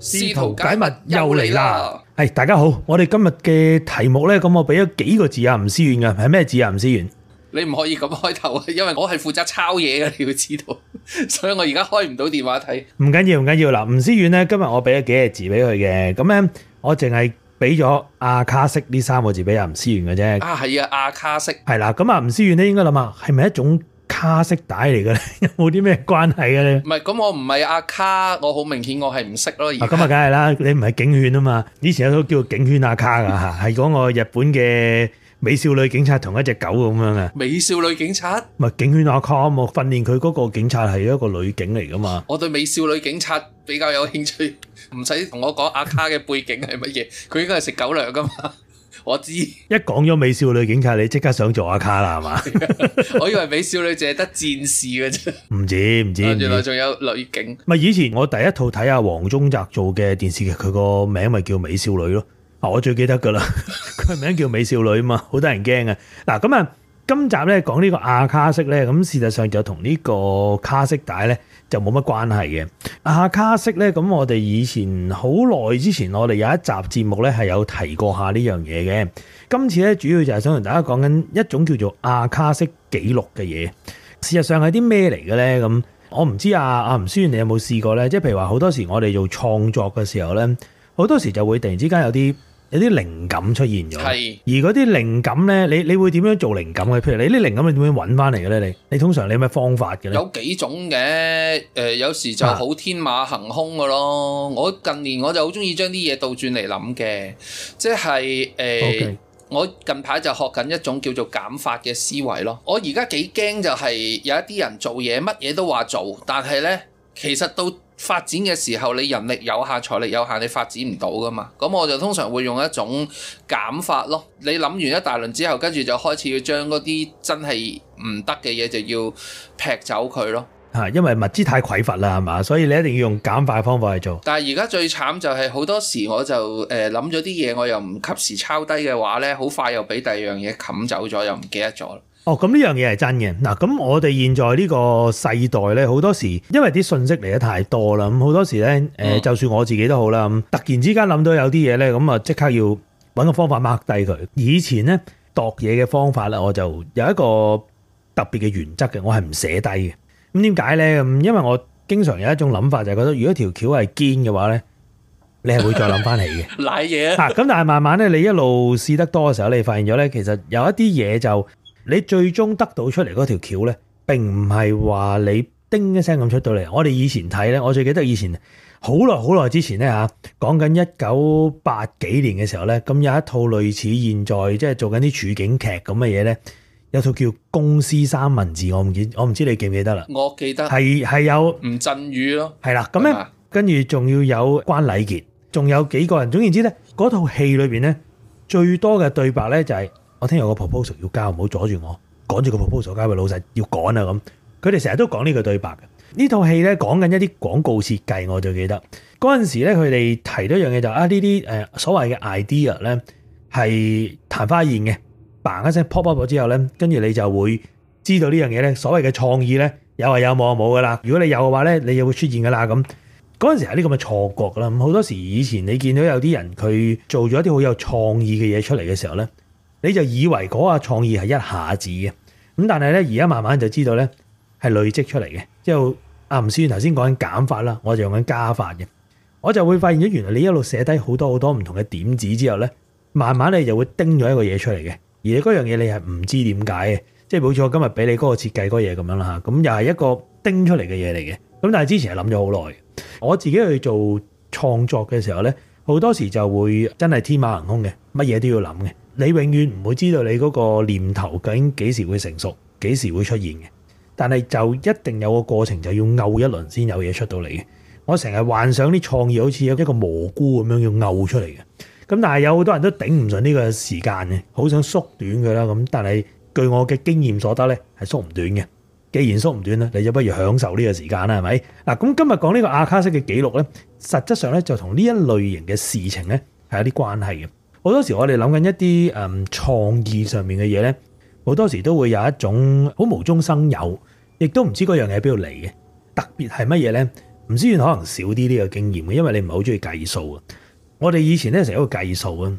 試圖解密又嚟啦！係大家好，我哋今日嘅題目咧，咁我俾咗幾個字啊，吳思遠嘅係咩字啊，吳思遠？你唔可以咁開頭啊，因為我係負責抄嘢嘅，你要知道，所以我而家開唔到電話睇。唔緊要，唔緊要啦。吳思遠咧，今日我俾咗幾個字俾佢嘅，咁咧我淨係俾咗阿卡式呢三個字俾阿吳思遠嘅啫。啊，係啊，阿卡式係啦。咁啊，吳思遠咧應該諗啊，係咪一種？卡式帶嚟嘅咧，有冇啲咩關係嘅咧？唔係，咁我唔係阿卡，我好明顯我係唔識咯。而家咁啊，梗係啦，你唔係警犬啊嘛？以前有都叫《警犬阿卡》噶嚇，係嗰個日本嘅美少女警察同一隻狗咁樣嘅。美少女警察？唔係，警犬阿卡，我訓練佢嗰個警察係一個女警嚟噶嘛。我對美少女警察比較有興趣，唔使同我講阿卡嘅背景係乜嘢，佢 應該係食狗糧噶嘛。我知一講咗美少女警察，你即刻想做阿卡啦係嘛？的 我以為美少女淨係得戰士嘅啫，唔知，唔知。啊、原來仲有女警。咪以前我第一套睇阿黃宗澤做嘅電視劇，佢個名咪叫美少女咯。啊，我最記得噶啦，佢名叫美少女嘛，好得人驚啊！嗱，咁啊，今集咧講呢個阿卡式咧，咁事實上就同呢個卡式帶咧。就冇乜關係嘅。阿卡式呢，咁我哋以前好耐之前，我哋有一集節目呢係有提過下呢樣嘢嘅。今次呢，主要就係想同大家講緊一種叫做阿卡式記錄嘅嘢。事實上係啲咩嚟嘅呢？咁我唔知啊啊吳書，你有冇試過呢？即係譬如話好多時我哋做創作嘅時候呢，好多時就會突然之間有啲。有啲靈感出現咗，係是而嗰啲靈感咧，你你會點樣做靈感嘅？譬如你啲靈感你點樣揾翻嚟嘅咧？你你通常你有咩方法嘅咧？有幾種嘅、呃，有時就好天馬行空㗎咯。啊、我近年我就好中意將啲嘢倒轉嚟諗嘅，即係誒、呃、Okay. 我近排就學緊一種叫做減法嘅思維咯。我而家幾驚就係有一啲人做嘢，乜嘢都話做，但係咧，其實都……發展嘅時候，你人力有限，財力有限，你發展唔到噶嘛。咁我就通常會用一種減法咯。你諗完一大輪之後，跟住就開始要將嗰啲真係唔得嘅嘢就要劈走佢咯。嚇，因為物資太匱乏啦，係嘛？所以你一定要用減法方法去做。但係而家最慘就係好多時我就諗咗啲嘢，我又唔及時抄低嘅話咧，好快又俾第二樣嘢冚走咗，又唔記得咗。哦，咁呢樣嘢係真嘅。嗱，咁我哋現在呢個世代呢，好多時因為啲信息嚟得太多啦，咁好多時呢，誒、嗯呃，就算我自己都好啦，突然之間諗到有啲嘢呢，咁啊，即刻要揾個方法 mark 低佢。以前呢，度嘢嘅方法呢，我就有一個特別嘅原則嘅，我係唔寫低嘅。咁點解呢？咁因為我經常有一種諗法，就係、是、覺得如果條橋係堅嘅話呢，你係會再諗翻起嘅。瀨嘢啊，咁但係慢慢呢，你一路試得多嘅時候，你發現咗呢，其實有一啲嘢就。你最終得到出嚟嗰條橋咧，並唔係話你叮一聲咁出到嚟。我哋以前睇咧，我最記得以前好耐好耐之前咧嚇，講緊一九八幾年嘅時候咧，咁有一套類似現在即係做緊啲處境劇咁嘅嘢咧，有套叫《公私三文治》，我唔記，我唔我唔知你記唔記得啦。我記得係係有吳鎮宇咯，係啦，咁咧嗎跟住仲要有關禮傑，仲有幾個人。總言之咧，嗰套戲裏面咧最多嘅對白咧就係、是。我聽日有個 proposal 要交，唔好阻住我，趕住個 proposal 交畀老細要趕啊！咁，佢哋成日都講呢句對白嘅。呢套戲咧講緊一啲廣告設計，我就記得嗰陣時咧，佢哋提到一樣嘢就是、啊呢啲誒所謂嘅 idea 咧係曇花現嘅，嘭一聲 pop up 咗之後咧，跟住你就會知道呢樣嘢咧，所謂嘅創意咧有啊有，冇啊冇噶啦。如果你有嘅話咧，你又會出現噶啦咁。嗰陣時係啲咁嘅錯覺啦。咁好多時以前你見到有啲人佢做咗一啲好有創意嘅嘢出嚟嘅時候咧。你就以為嗰個創意係一下子嘅，咁但係咧，而家慢慢就知道咧係累積出嚟嘅。之後，阿吳師兄頭先講緊減法啦，我就用緊加法嘅，我就會發現咗原來你一路寫低好多好多唔同嘅點子之後咧，慢慢你就會叮咗一個嘢出嚟嘅。而嗰樣嘢你係唔知點解嘅，即係冇錯，今日俾你嗰個設計嗰嘢咁樣啦吓，咁又係一個叮出嚟嘅嘢嚟嘅。咁但係之前係諗咗好耐，我自己去做創作嘅時候咧，好多時就會真係天馬行空嘅，乜嘢都要諗嘅。你永遠唔會知道你嗰個念頭究竟幾時會成熟，幾時會出現嘅。但係就一定有個過程，就要漚一輪先有嘢出到嚟嘅。我成日幻想啲創意好似有一個蘑菇咁樣要漚出嚟嘅。咁但係有好多人都頂唔順呢個時間嘅，好想縮短佢啦。咁但係據我嘅經驗所得咧，係縮唔短嘅。既然縮唔短啦，你就不如享受呢個時間啦，係咪？嗱，咁今日講呢個阿卡式嘅記錄咧，實質上咧就同呢一類型嘅事情咧係有啲關係嘅。好多時我哋諗緊一啲誒創意上面嘅嘢咧，好多時都會有一種好無中生有，亦都唔知嗰樣嘢喺邊度嚟嘅。特別係乜嘢咧？唔知可能少啲呢個經驗，因為你唔係好中意計數啊。我哋以前咧成日喺度計數啊，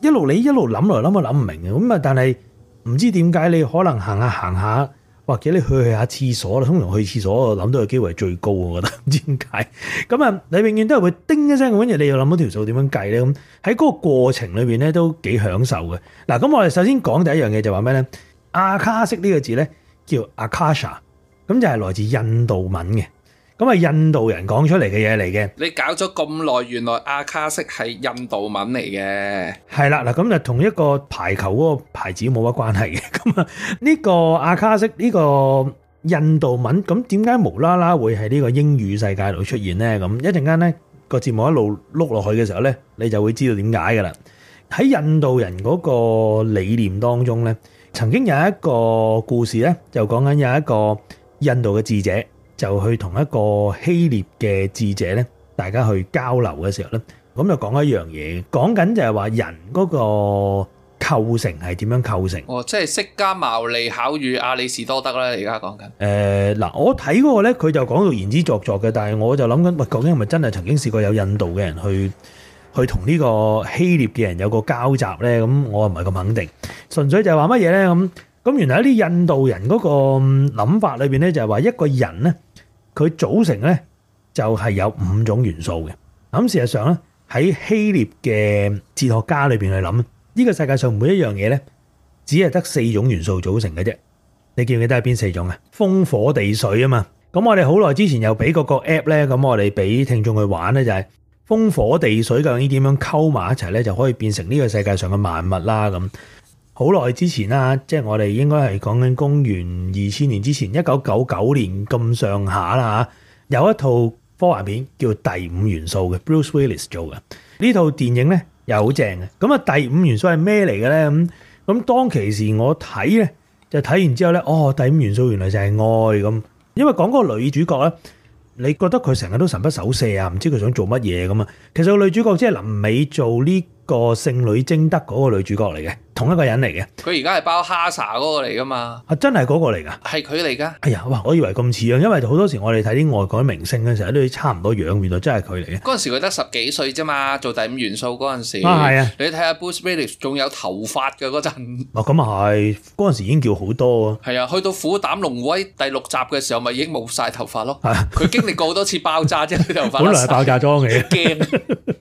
一路你一路諗來諗去諗唔明嘅，咁啊但係唔知點解你可能行下行下。或者你去下廁所啦，通常去廁所我諗到嘅機會係最高的，我覺得唔知點解。咁啊，你永遠都係會叮一聲揾人，你又諗到條數點樣計咧。咁喺嗰個過程裏邊咧，都幾享受嘅。嗱，咁我哋首先講第一樣嘢就話咩咧？阿卡式呢個字咧叫阿卡莎，咁就係來自印度文嘅。咁啊，印度人講出嚟嘅嘢嚟嘅。你搞咗咁耐，原來阿卡式係印度文嚟嘅。係啦，嗱，咁就同一個排球嗰個牌子冇乜關係嘅。咁啊，呢個阿卡式呢個印度文，咁點解無啦啦會喺呢個英語世界度出現呢？咁一陣間呢個節目一路碌落去嘅時候呢，你就會知道點解㗎喇。喺印度人嗰個理念當中呢，曾經有一個故事呢，就講緊有一個印度嘅智者。就去同一個希臘嘅智者咧，大家去交流嘅時候咧，咁就講一樣嘢，講緊就係話人嗰個構成係點樣構成？哦，即係《釋迦牟利考語》阿里士多德咧，而家講緊。誒嗱，我睇嗰個咧，佢就講到言之鑿鑿嘅，但係我就諗緊，喂，究竟係咪真係曾經試過有印度嘅人去去同呢個希臘嘅人有個交集咧？咁我又唔係咁肯定，純粹就係話乜嘢咧？咁咁原來喺啲印度人嗰個諗法裏邊咧，就係話一個人咧。佢組成咧就係有五種元素嘅，咁事實上咧，喺希臘嘅哲學家裏邊去諗，呢個世界上每一樣嘢咧，只係得四種元素組成嘅啫。你記唔記得係邊四種啊？風火地水啊嘛。咁我哋好耐之前又俾嗰個 app 咧，咁我哋俾聽眾去玩咧就係風火地水究竟點樣溝埋一齊咧，就可以變成呢個世界上嘅萬物啦咁。好耐之前啦，即係我哋應該係講緊公元二千年之前，一九九九年咁上下啦吓，有一套科幻片叫《第五元素》嘅，Bruce Willis 做嘅呢套電影咧，又好正嘅。咁啊，《第五元素》係咩嚟嘅咧？咁咁當其時我睇咧，就睇完之後咧，哦，《第五元素》原來就係愛咁，因為講嗰個女主角咧，你覺得佢成日都神不守舍啊，唔知佢想做乜嘢咁啊。其實個女主角即係臨尾做呢。個聖女貞德嗰個女主角嚟嘅，同一個人嚟嘅。佢而家係包哈薩嗰個嚟噶嘛？啊，真係嗰個嚟噶，係佢嚟噶。哎呀，哇，我以為咁似樣，因為好多時我哋睇啲外國明星嘅時候都差唔多樣，原來真係佢嚟嘅。嗰陣時佢得十幾歲啫嘛，做第五元素嗰陣時。係啊。啊你睇下 Bruce Willis 仲有頭髮嘅嗰陣。咁係、啊。嗰、啊、陣、啊啊啊、時已經叫好多啊。係啊，去到虎膽龍威第六集嘅時候，咪已經冇晒頭髮咯。佢、啊、經歷過好多次爆炸啫，佢 頭髮。本來係爆炸妝嘅。驚。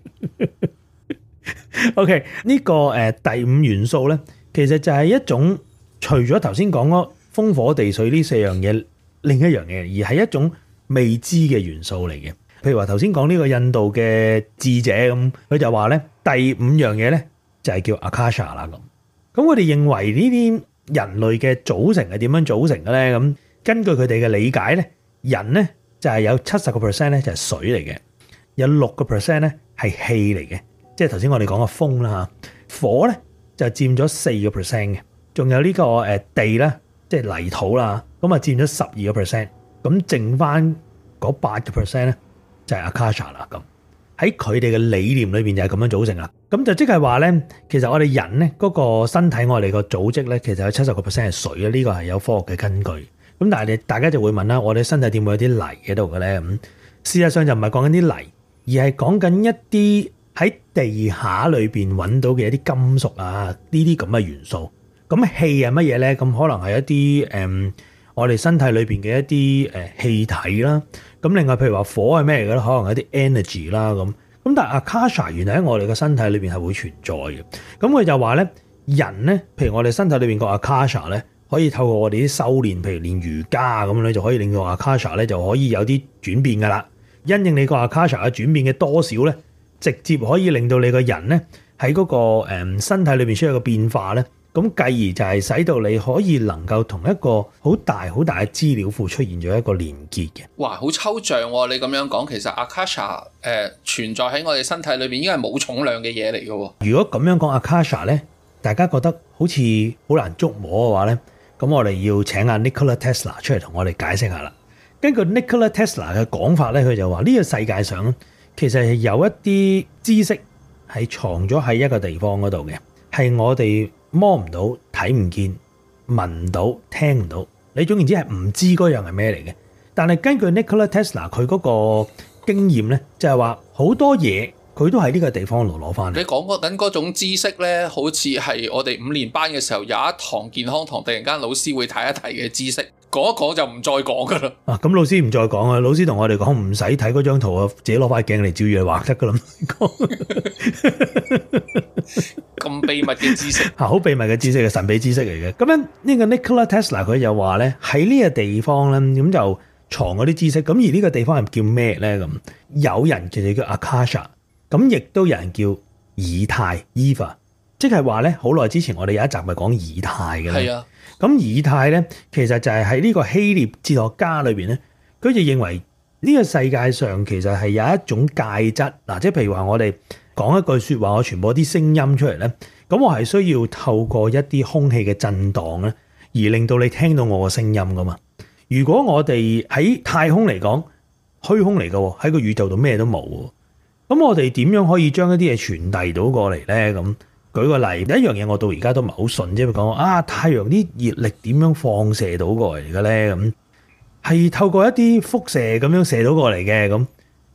OK，呢個誒第五元素咧，其實就係一種除咗頭先講咯風火地水呢四樣嘢，另一樣嘢而係一種未知嘅元素嚟嘅。譬如話頭先講呢個印度嘅智者咁，佢就話咧第五樣嘢咧就係叫 Akasha 啦。咁咁，我哋認為呢啲人類嘅組成係點樣組成嘅咧？咁根據佢哋嘅理解咧，人咧就係有七十個 percent 咧就係、是、水嚟嘅，有六個 percent 咧係氣嚟嘅。即係頭先我哋講個風啦，火咧就係佔咗四個 percent 嘅，仲有呢個誒地咧，即係泥土啦，咁啊佔咗十二個 percent，咁剩翻嗰八個 percent 咧就係阿卡莎啦。咁喺佢哋嘅理念裏邊就係咁樣組成啦。咁就即係話咧，其實我哋人咧嗰個身體，我哋個組織咧，其實有七十個 percent 係水咧。呢個係有科學嘅根據咁，但係你大家就會問啦，我哋身體點會有啲泥喺度嘅咧？咁事實上就唔係講緊啲泥，而係講緊一啲，喺地下裏邊揾到嘅一啲金屬啊，呢啲咁嘅元素。咁氣係乜嘢咧？咁可能係一啲誒、嗯，我哋身體裏邊嘅一啲誒氣體啦。咁另外，譬如話火係咩嘅咧？可能係一啲 energy 啦。咁咁但係阿卡莎原嚟喺我哋嘅身體裏邊係會存在嘅。咁佢就話咧，人咧，譬如我哋身體裏邊個阿卡莎咧，可以透過我哋啲修煉，譬如練瑜伽咁咧，就可以令到阿卡莎咧就可以有啲轉變噶啦。因應你個阿卡莎嘅轉變嘅多少咧？直接可以令到你個人呢喺嗰個身體裏面出現一個變化呢，咁繼而就係使到你可以能夠同一個好大好大嘅資料庫出現咗一個連結嘅。哇！好抽象，哦，你咁樣講，其實 Akasha 誒、呃、存在喺我哋身體裏面已經係冇重量嘅嘢嚟嘅。如果咁樣講 Akasha 呢，大家覺得好似好難捉摸嘅話呢，咁我哋要請阿 Nikola Tesla 出嚟同我哋解釋下啦。根據 Nikola Tesla 嘅講法呢，佢就話呢個世界上，其實係有一啲知識係藏咗喺一個地方嗰度嘅，係我哋摸唔到、睇唔見、聞唔到、聽唔到。你總言之係唔知嗰樣係咩嚟嘅。但係根據 Nikola Tesla 佢嗰個經驗呢，就係話好多嘢佢都喺呢個地方度攞翻嚟。你講緊嗰種知識呢，好似係我哋五年班嘅時候有一堂健康堂，突然間老師會睇一睇嘅知識。講一講就唔再講噶啦。啊，咁老師唔再講啊，老師同我哋講唔使睇嗰張圖啊，自己攞塊鏡嚟照住嚟畫得噶啦。講、嗯、咁 秘密嘅知識啊，好秘密嘅知識嘅神秘知識嚟嘅。咁樣呢個 Nikola Tesla 佢又話咧，喺呢個地方咧，咁就藏嗰啲知識。咁而呢個地方係叫咩咧？咁有人其實叫 Akasha，咁亦都有人叫以太 Ether 即係話咧，好耐之前我哋有一集咪講以太嘅啦。係啊的，咁以太咧，其實就係喺呢個希臘哲學家裏邊咧，佢就認為呢個世界上其實係有一種介質，嗱，即係譬如話我哋講一句說話，我傳播啲聲音出嚟咧，咁我係需要透過一啲空氣嘅震蕩咧，而令到你聽到我嘅聲音噶嘛。如果我哋喺太空嚟講，虛空嚟㗎喎，喺個宇宙度咩都冇，咁我哋點樣可以將一啲嘢傳遞到過嚟咧？咁舉個例，一樣嘢我到而家都唔係好信啫，講、即係、啊太陽啲熱力點樣放射到過嚟嘅咧？咁、嗯、係透過一啲輻射咁樣射到過嚟嘅咁，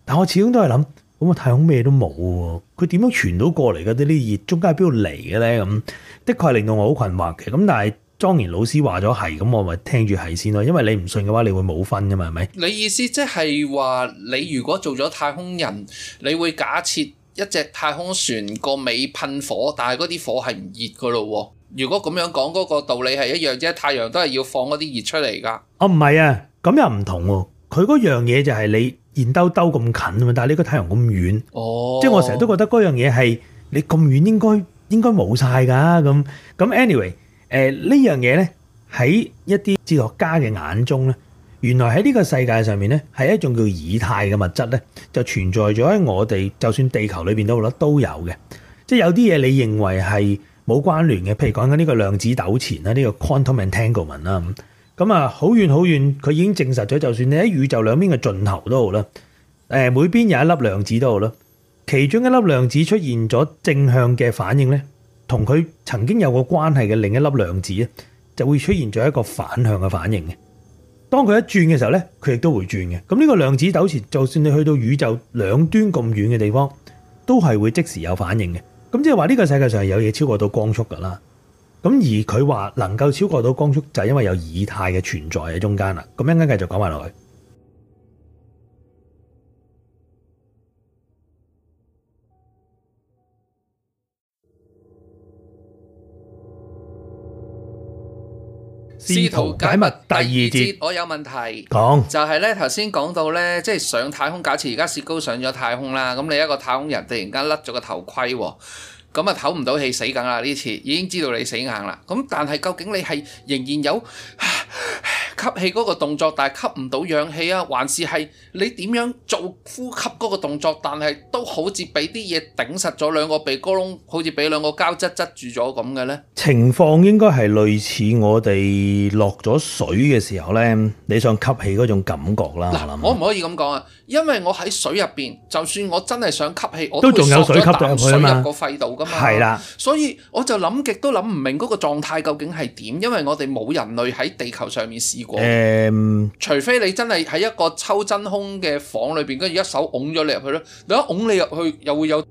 但我始終都係諗，咁個太空咩都冇、啊，佢點樣傳到過嚟嘅啲啲熱？熱中間係邊度嚟嘅咧？咁、嗯、的確係令到我好困惑嘅。咁但係，莊賢老師話咗係，咁我咪聽住係先咯。因為你唔信嘅話，你會冇分㗎嘛？係咪？你意思即係話，你如果做咗太空人，你會假設？一隻太空船個尾噴火，但係嗰啲火係唔熱㗎喇喎。如果咁樣講，嗰個道理係一樣啫。太陽都係要放嗰啲熱出嚟㗎。哦，唔係啊，咁又唔同喎。佢嗰樣嘢就係你燃兜兜咁近啊嘛，但係呢個太陽咁遠。哦，即係我成日都覺得嗰樣嘢係你咁遠應該應該冇晒㗎咁。咁 anyway，誒，呢樣嘢咧，喺一啲哲學家嘅眼中咧。原來喺呢個世界上面咧，係一種叫以太嘅物質咧，就存在咗喺我哋，就算地球裏面都好啦，都有嘅。即係有啲嘢你認為係冇關聯嘅，譬如講緊呢個量子糾纏啦，呢個 quantum entanglement 啦。咁啊，好遠好遠，佢已經證實咗，就算你喺宇宙兩邊嘅盡頭都好啦，誒，每邊有一粒量子都好啦。其中一粒量子出現咗正向嘅反應咧，同佢曾經有過關係嘅另一粒量子咧，就會出現咗一個反向嘅反應嘅。當佢一轉嘅時候呢，佢亦都會轉嘅。咁呢個量子糾纏，就算你去到宇宙兩端咁遠嘅地方，都係會即時有反應嘅。咁即係話呢個世界上係有嘢超過到光速噶啦。咁而佢話能夠超過到光速，就係因為有以太嘅存在喺中間啦。咁一陣間繼續講埋落去。試圖解密第二節，我有問題講，就係咧頭先講到咧，即係上太空，假設而家雪糕上咗太空啦，咁你一個太空人突然間甩咗個頭盔喎。咁啊，唞唔到氣，死梗啦！呢次已經知道你死硬啦。咁但係究竟你係仍然有吸氣嗰個動作，但係吸唔到氧氣啊？還是係你點樣做呼吸嗰個動作，但係都好似俾啲嘢頂實咗兩個鼻哥窿，好似俾兩個膠質窒住咗咁嘅呢？情況應該係類似我哋落咗水嘅時候呢，你想吸氣嗰種感覺啦。嗱，可唔可以咁講啊？因為我喺水入邊，就算我真係想吸氣，我都仲有水吸入個肺度噶嘛。係啦的，所以我就諗極都諗唔明嗰個狀態究竟係點，因為我哋冇人類喺地球上面試過。誒、嗯，除非你真係喺一個抽真空嘅房裏邊，跟住一手拱咗你入去咯。你一拱你入去，又會有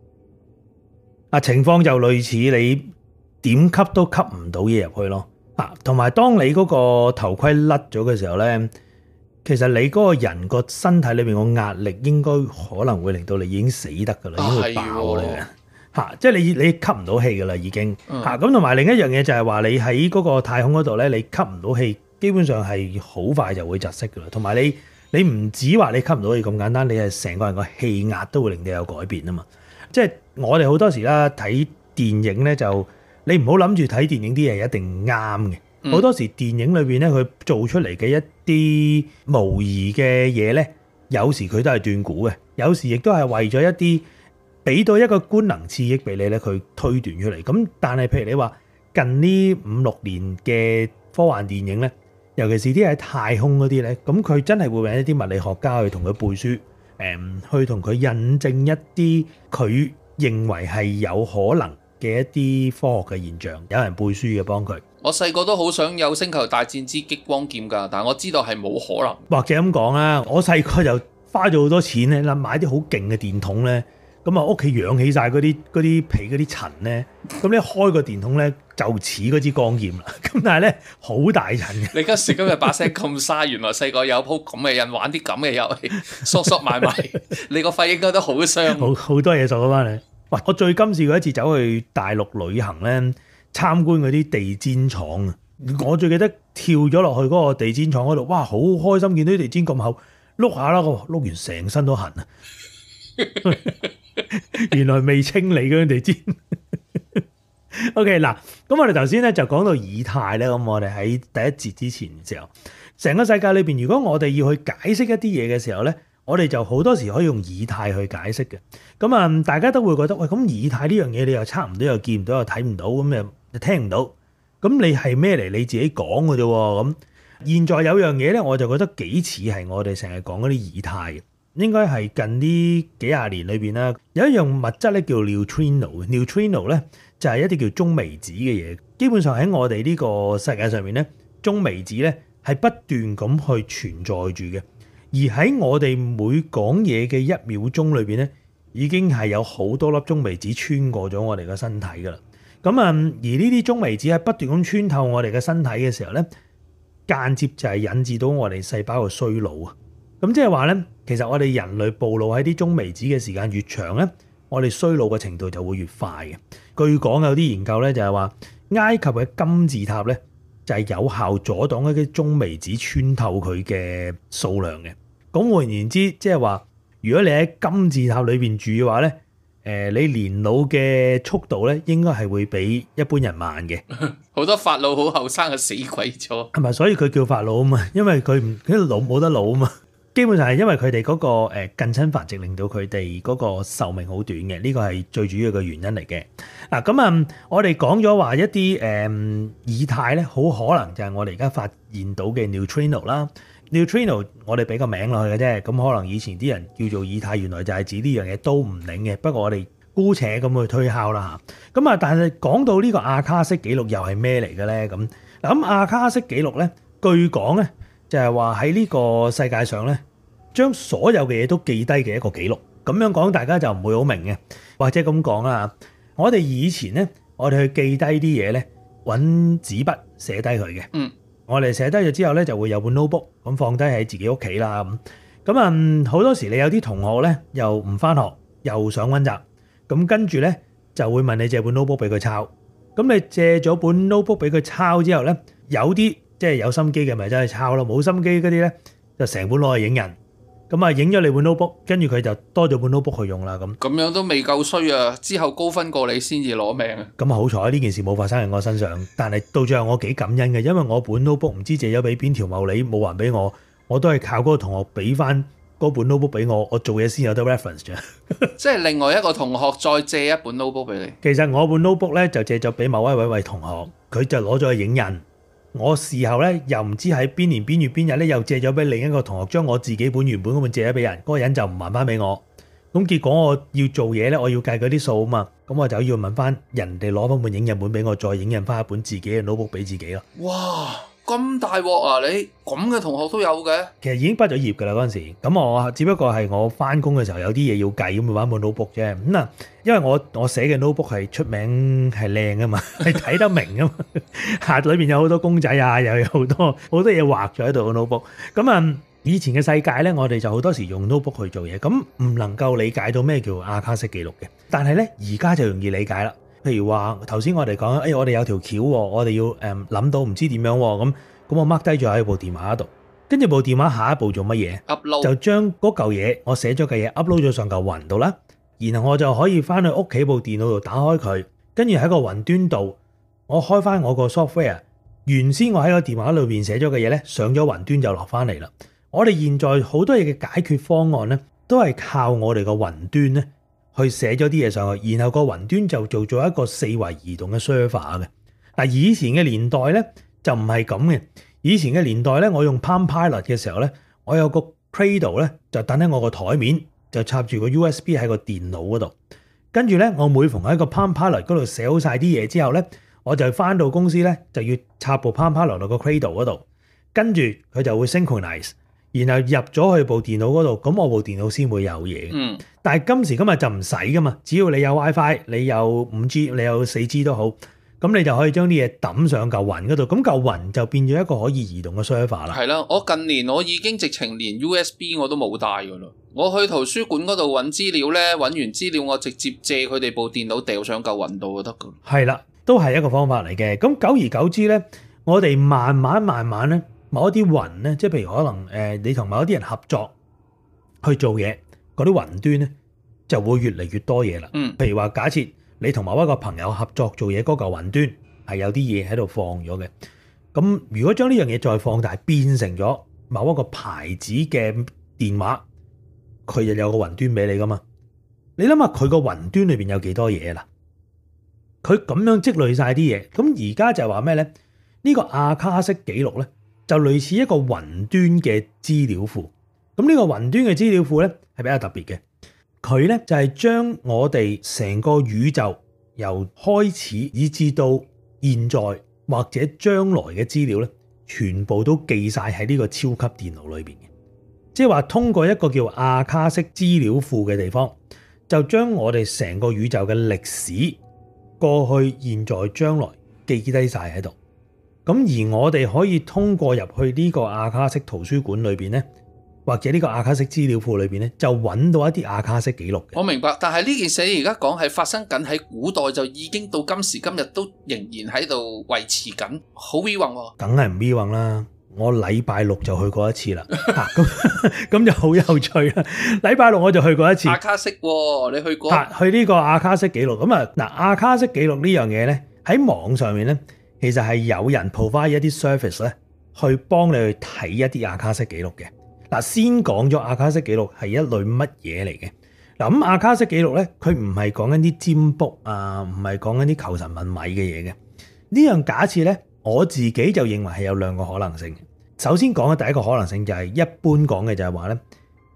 啊，情況就類似你點吸都吸唔到嘢入去咯。啊，同埋當你嗰個頭盔甩咗嘅時候咧。其實你嗰個人個身體裏面個壓力應該可能會令到你已經死得㗎喇，已經會爆啦吓！即係你你吸唔到氣㗎喇已經吓，咁同埋另一樣嘢就係話你喺嗰個太空嗰度咧，你吸唔到氣，基本上係好快就會窒息㗎喇。同埋你你唔止話你吸唔到氣咁簡單，你係成個人個氣壓都會令你有改變啊嘛！即係我哋好多時啦睇電影咧，就你唔好諗住睇電影啲嘢一定啱嘅。好多時電影裏面咧，佢做出嚟嘅一啲模擬嘅嘢咧，有時佢都係斷估嘅，有時亦都係為咗一啲俾到一個官能刺激俾你咧，佢推斷出嚟。咁但係譬如你話近呢五六年嘅科幻電影咧，尤其是啲喺太空嗰啲咧，咁佢真係會揾一啲物理學家去同佢背書，誒，去同佢印證一啲佢認為係有可能嘅一啲科學嘅現象，有人背書嘅幫佢。我細個都好想有《星球大戰》之激光劍㗎，但我知道係冇可能。或者咁講啊，我細個就花咗好多錢咧，嗱，買啲好勁嘅電筒咧，咁啊，屋企揚起晒嗰啲嗰啲皮嗰啲塵咧，咁咧你開個電筒咧就似嗰支光劍啦。咁但係咧好大塵嘅。你嗰時今日把聲咁沙，原來細個有鋪咁嘅人玩啲咁嘅遊戲，嗦嗦埋埋， 你個肺應該都好傷。好好多嘢受咗翻你。喂，我最今次嗰一次走去大陸旅行咧。參觀嗰啲地氈廠啊！我最記得跳咗落去嗰個地氈廠嗰度，哇！好開心見到啲地氈咁厚，碌下啦，碌完成身都痕啊！ 原來未清理嗰啲地氈。O K，嗱，咁我哋頭先咧就講到以太咧，咁我哋喺第一節之前嘅時候，成個世界裏邊，如果我哋要去解釋一啲嘢嘅時候咧，我哋就好多時可以用以太去解釋嘅。咁啊、嗯，大家都會覺得喂，咁以太呢樣嘢你又差唔多又見唔到又睇唔到咁嘅。你聽唔到，咁你係咩嚟？你自己講嘅啫喎，咁現在有樣嘢咧，我就覺得幾似係我哋成日講嗰啲以太嘅，應該係近呢幾廿年裏面啦。有一樣物質咧叫 neutrino neutrino 咧就係一啲叫中微子嘅嘢。基本上喺我哋呢個世界上面咧，中微子咧係不斷咁去存在住嘅，而喺我哋每講嘢嘅一秒鐘裏面咧，已經係有好多粒中微子穿過咗我哋嘅身體噶啦。咁啊，而呢啲中微子喺不斷咁穿透我哋嘅身體嘅時候咧，間接就係引致到我哋細胞嘅衰老啊！咁即係話咧，其實我哋人類暴露喺啲中微子嘅時間越長咧，我哋衰老嘅程度就會越快嘅。據講有啲研究咧就係話，埃及嘅金字塔咧就係有效阻擋一啲中微子穿透佢嘅數量嘅。咁換言之，即係話，如果你喺金字塔裏面住嘅話咧。誒你年老嘅速度咧，應該係會比一般人慢嘅。好多法老好後生啊，死鬼咗。係咪？所以佢叫法老啊嘛，因為佢唔，佢老冇得老啊嘛。基本上係因為佢哋嗰個近親繁殖令到佢哋嗰個壽命好短嘅，呢、這個係最主要嘅原因嚟嘅。嗱咁啊，嗯、我哋講咗話一啲誒、嗯、以太咧，好可能就係我哋而家發現到嘅 neutrino 啦。Neutrino 我哋俾個名落去嘅啫，咁可能以前啲人叫做以太，原來就係指呢樣嘢都唔明嘅。不過我哋姑且咁去推敲啦吓。咁啊，但係講到呢個阿卡式記錄又係咩嚟嘅咧？咁嗱，咁阿卡式記錄咧，據講咧就係話喺呢個世界上咧，將所有嘅嘢都記低嘅一個記錄。咁樣講大家就唔會好明嘅，或者咁講啦。我哋以前咧，我哋去記低啲嘢咧，揾紙筆寫低佢嘅。嗯。我哋寫低咗之後咧，就會有本 notebook 咁放低喺自己屋企啦。咁咁啊，好多時你有啲同學咧又唔返學，又想溫習，咁跟住咧就會問你借本 notebook 俾佢抄。咁你借咗本 notebook 俾佢抄之後咧，有啲即係有心機嘅咪真係抄咯，冇心機嗰啲咧就成本攞去影人。咁啊，影咗你本 notebook，跟住佢就多咗本 notebook 去用啦，咁。咁樣都未夠衰啊！之後高分過你先至攞命啊！咁好彩呢件事冇發生喺我身上，但係到最後我幾感恩嘅，因為我本 notebook 唔知借咗俾邊條某，你冇還俾我，我都係靠嗰個同學俾翻嗰本 notebook 俾我，我做嘢先有得 reference 啫。即係另外一個同學再借一本 notebook 俾你。 其實我本 notebook 咧就借咗俾某一位位同學，佢就攞咗去影印。我事後咧，又唔知喺邊年邊月邊日咧，又借咗俾另一個同學，將我自己本原本本借咗俾人，嗰個人就唔還翻俾我。咁結果我要做嘢咧，我要計嗰啲數嘛，咁我就要問翻人哋攞翻本影印本俾我，再影印翻一本自己嘅 notebook 俾自己啦哇！咁大鑊啊！你咁嘅同學都有嘅，其實已經畢咗業㗎啦嗰陣時。咁我只不過係我翻工嘅時候有啲嘢要計，咁咪玩本 Notebook 啫。咁啊，因為我我寫嘅 Notebook 係出名係靚啊嘛，係睇 得明啊嘛，吓裏面有好多公仔啊，又有好多好多嘢畫咗喺度嘅 Notebook。咁啊，以前嘅世界咧，我哋就好多時用 Notebook 去做嘢，咁唔能夠理解到咩叫阿卡式記錄嘅。但係咧，而家就容易理解啦。譬如話，頭先我哋講，哎，我哋有條橋喎，我哋要誒諗到唔知點樣喎，咁咁我掹低咗喺部電話度，跟住部電話下一步做乜嘢？upload 就將嗰嚿嘢我寫咗嘅嘢 upload 咗上嚿雲度啦，然後我就可以翻去屋企部電腦度打開佢，跟住喺個雲端度，我開翻我個 software，原先我喺個電話裏邊寫咗嘅嘢咧，上咗雲端就落翻嚟啦。我哋現在好多嘢嘅解決方案咧，都係靠我哋個雲端咧。去寫咗啲嘢上去，然後個雲端就做咗一個四維移動嘅 server 嘅。嗱，以前嘅年代咧就唔係咁嘅。以前嘅年代咧，我用 PalmPilot 嘅時候咧，我有個 cradle 咧就等喺我個台面，就插住個 USB 喺個電腦嗰度。跟住咧，我每逢喺個 PalmPilot 嗰度寫好晒啲嘢之後咧，我就翻到公司咧就要插部 PalmPilot 落個 cradle 嗰度，跟住佢就會 synchronize。然後入咗去部電腦嗰度，咁我部電腦先會有嘢。嗯，但係今時今日就唔使㗎嘛，只要你有 WiFi，你有五 G，你有四 G 都好，咁你就可以將啲嘢揼上嚿雲嗰度，咁嚿雲就變咗一個可以移動嘅 server 啦。係啦，我近年我已經直情連 USB 我都冇帶㗎啦。我去圖書館嗰度揾資料呢，揾完資料我直接借佢哋部電腦掉上嚿雲度就得㗎。係啦，都係一個方法嚟嘅。咁久而久之呢，我哋慢慢慢慢呢。某一啲雲咧，即係譬如可能誒，你同某一啲人合作去做嘢，嗰啲雲端咧就會越嚟越多嘢啦。嗯，譬如話，假設你同某一個朋友合作做嘢，嗰個雲端係有啲嘢喺度放咗嘅。咁如果將呢樣嘢再放大，變成咗某一個牌子嘅電話，佢就有個雲端俾你噶嘛？你諗下佢個雲端裏邊有幾多嘢啦？佢咁樣積累晒啲嘢，咁而家就係話咩咧？呢個阿卡式記錄咧，就類似一個雲端嘅資料庫，咁呢個雲端嘅資料庫呢，係比較特別嘅，佢呢，就係將我哋成個宇宙由開始以至到現在或者將來嘅資料呢，全部都記晒喺呢個超級電腦裏邊嘅，即係話通過一個叫阿卡式資料庫嘅地方，就將我哋成個宇宙嘅歷史、過去、現在、將來記低晒喺度。咁而我哋可以通過入去呢個阿卡式圖書館裏邊呢，或者呢個阿卡式資料庫裏邊呢，就揾到一啲阿卡式記錄。我明白，但係呢件事你而家講係發生緊喺古代，就已經到今時今日都仍然喺度維持緊，好 vibing 喎。梗係唔 vibing 啦！我禮拜六就去過一次啦，咁咁、 啊、就好有趣啦！禮拜六我就去過一次阿、啊、卡式喎、哦，你去過？啊、去呢個阿卡式記錄咁啊嗱，阿、啊、卡式記錄呢樣嘢呢，喺網上面呢。其實係有人 provide 一啲 service 咧，去幫你去睇一啲阿卡式記錄嘅。嗱，先講咗阿卡式記錄係一類乜嘢嚟嘅。嗱，咁阿卡式記錄咧，佢唔係講緊啲占卜啊，唔係講緊啲求神問米嘅嘢嘅。呢樣假設咧，我自己就認為係有兩個可能性。首先講嘅第一個可能性就係一般講嘅就係話咧，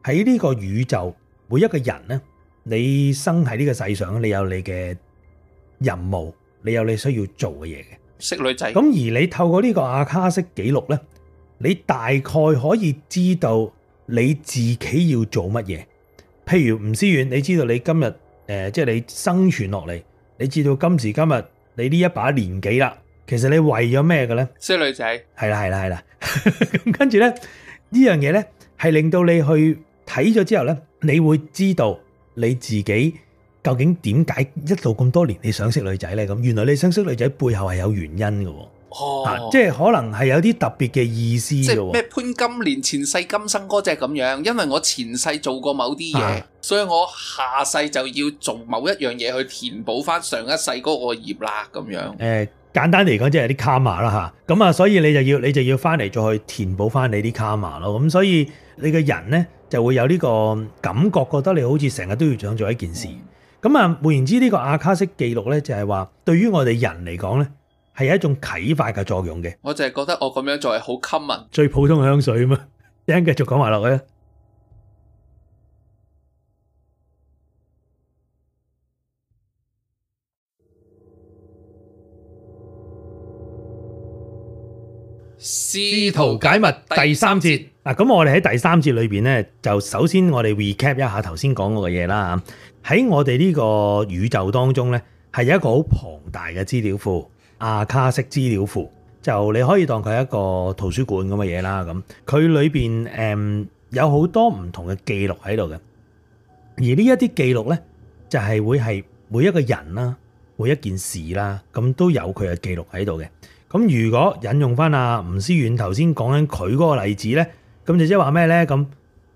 喺呢個宇宙每一個人咧，你生喺呢個世上，你有你嘅任務，你有你需要做嘅嘢嘅。識女仔，咁而你透過呢個阿卡式記錄呢，你大概可以知道你自己要做乜嘢。譬如吳思遠，你知道你今日誒，即、呃、係、就是、你生存落嚟，你知道今時今日你呢一把年紀啦，其實你為咗咩嘅呢？識女仔，係啦係啦係啦，咁 跟住呢，呢樣嘢呢，係令到你去睇咗之後呢，你會知道你自己。究竟點解一路咁多年你想識女仔呢？咁原來你想識女仔背後係有原因嘅喎、哦啊，即係可能係有啲特別嘅意思、啊、即係咩潘金蓮前世今生嗰隻咁樣，因為我前世做過某啲嘢，的所以我下世就要做某一樣嘢去填補翻上一世嗰個業啦。咁樣誒，簡單嚟講，即係啲卡瑪啦嚇。咁啊，所以你就要你就要翻嚟再去填補翻你啲卡瑪咯。咁、啊、所以你個人呢，就會有呢個感覺，覺得你好似成日都要想做一件事。嗯咁啊，換言之，呢個阿卡式記錄咧，就係話對於我哋人嚟講咧，係有一種啟發嘅作用嘅。我就係覺得我咁樣做係好吸引，最普通嘅香水啊嘛。聽繼續講埋落去。試圖解密第三節啊！咁我哋喺第三節裏邊咧，就首先我哋 recap 一下頭先講過嘅嘢啦喺我哋呢個宇宙當中呢，係有一個好龐大嘅資料庫，阿卡式資料庫，就你可以當佢係一個圖書館咁嘅嘢啦。咁佢裏邊誒，有好多唔同嘅記錄喺度嘅，而呢一啲記錄呢，就係會係每一個人啦、每一件事啦，咁都有佢嘅記錄喺度嘅。咁如果引用翻阿吳思遠頭先講緊佢嗰個例子呢，咁就即係話咩呢？咁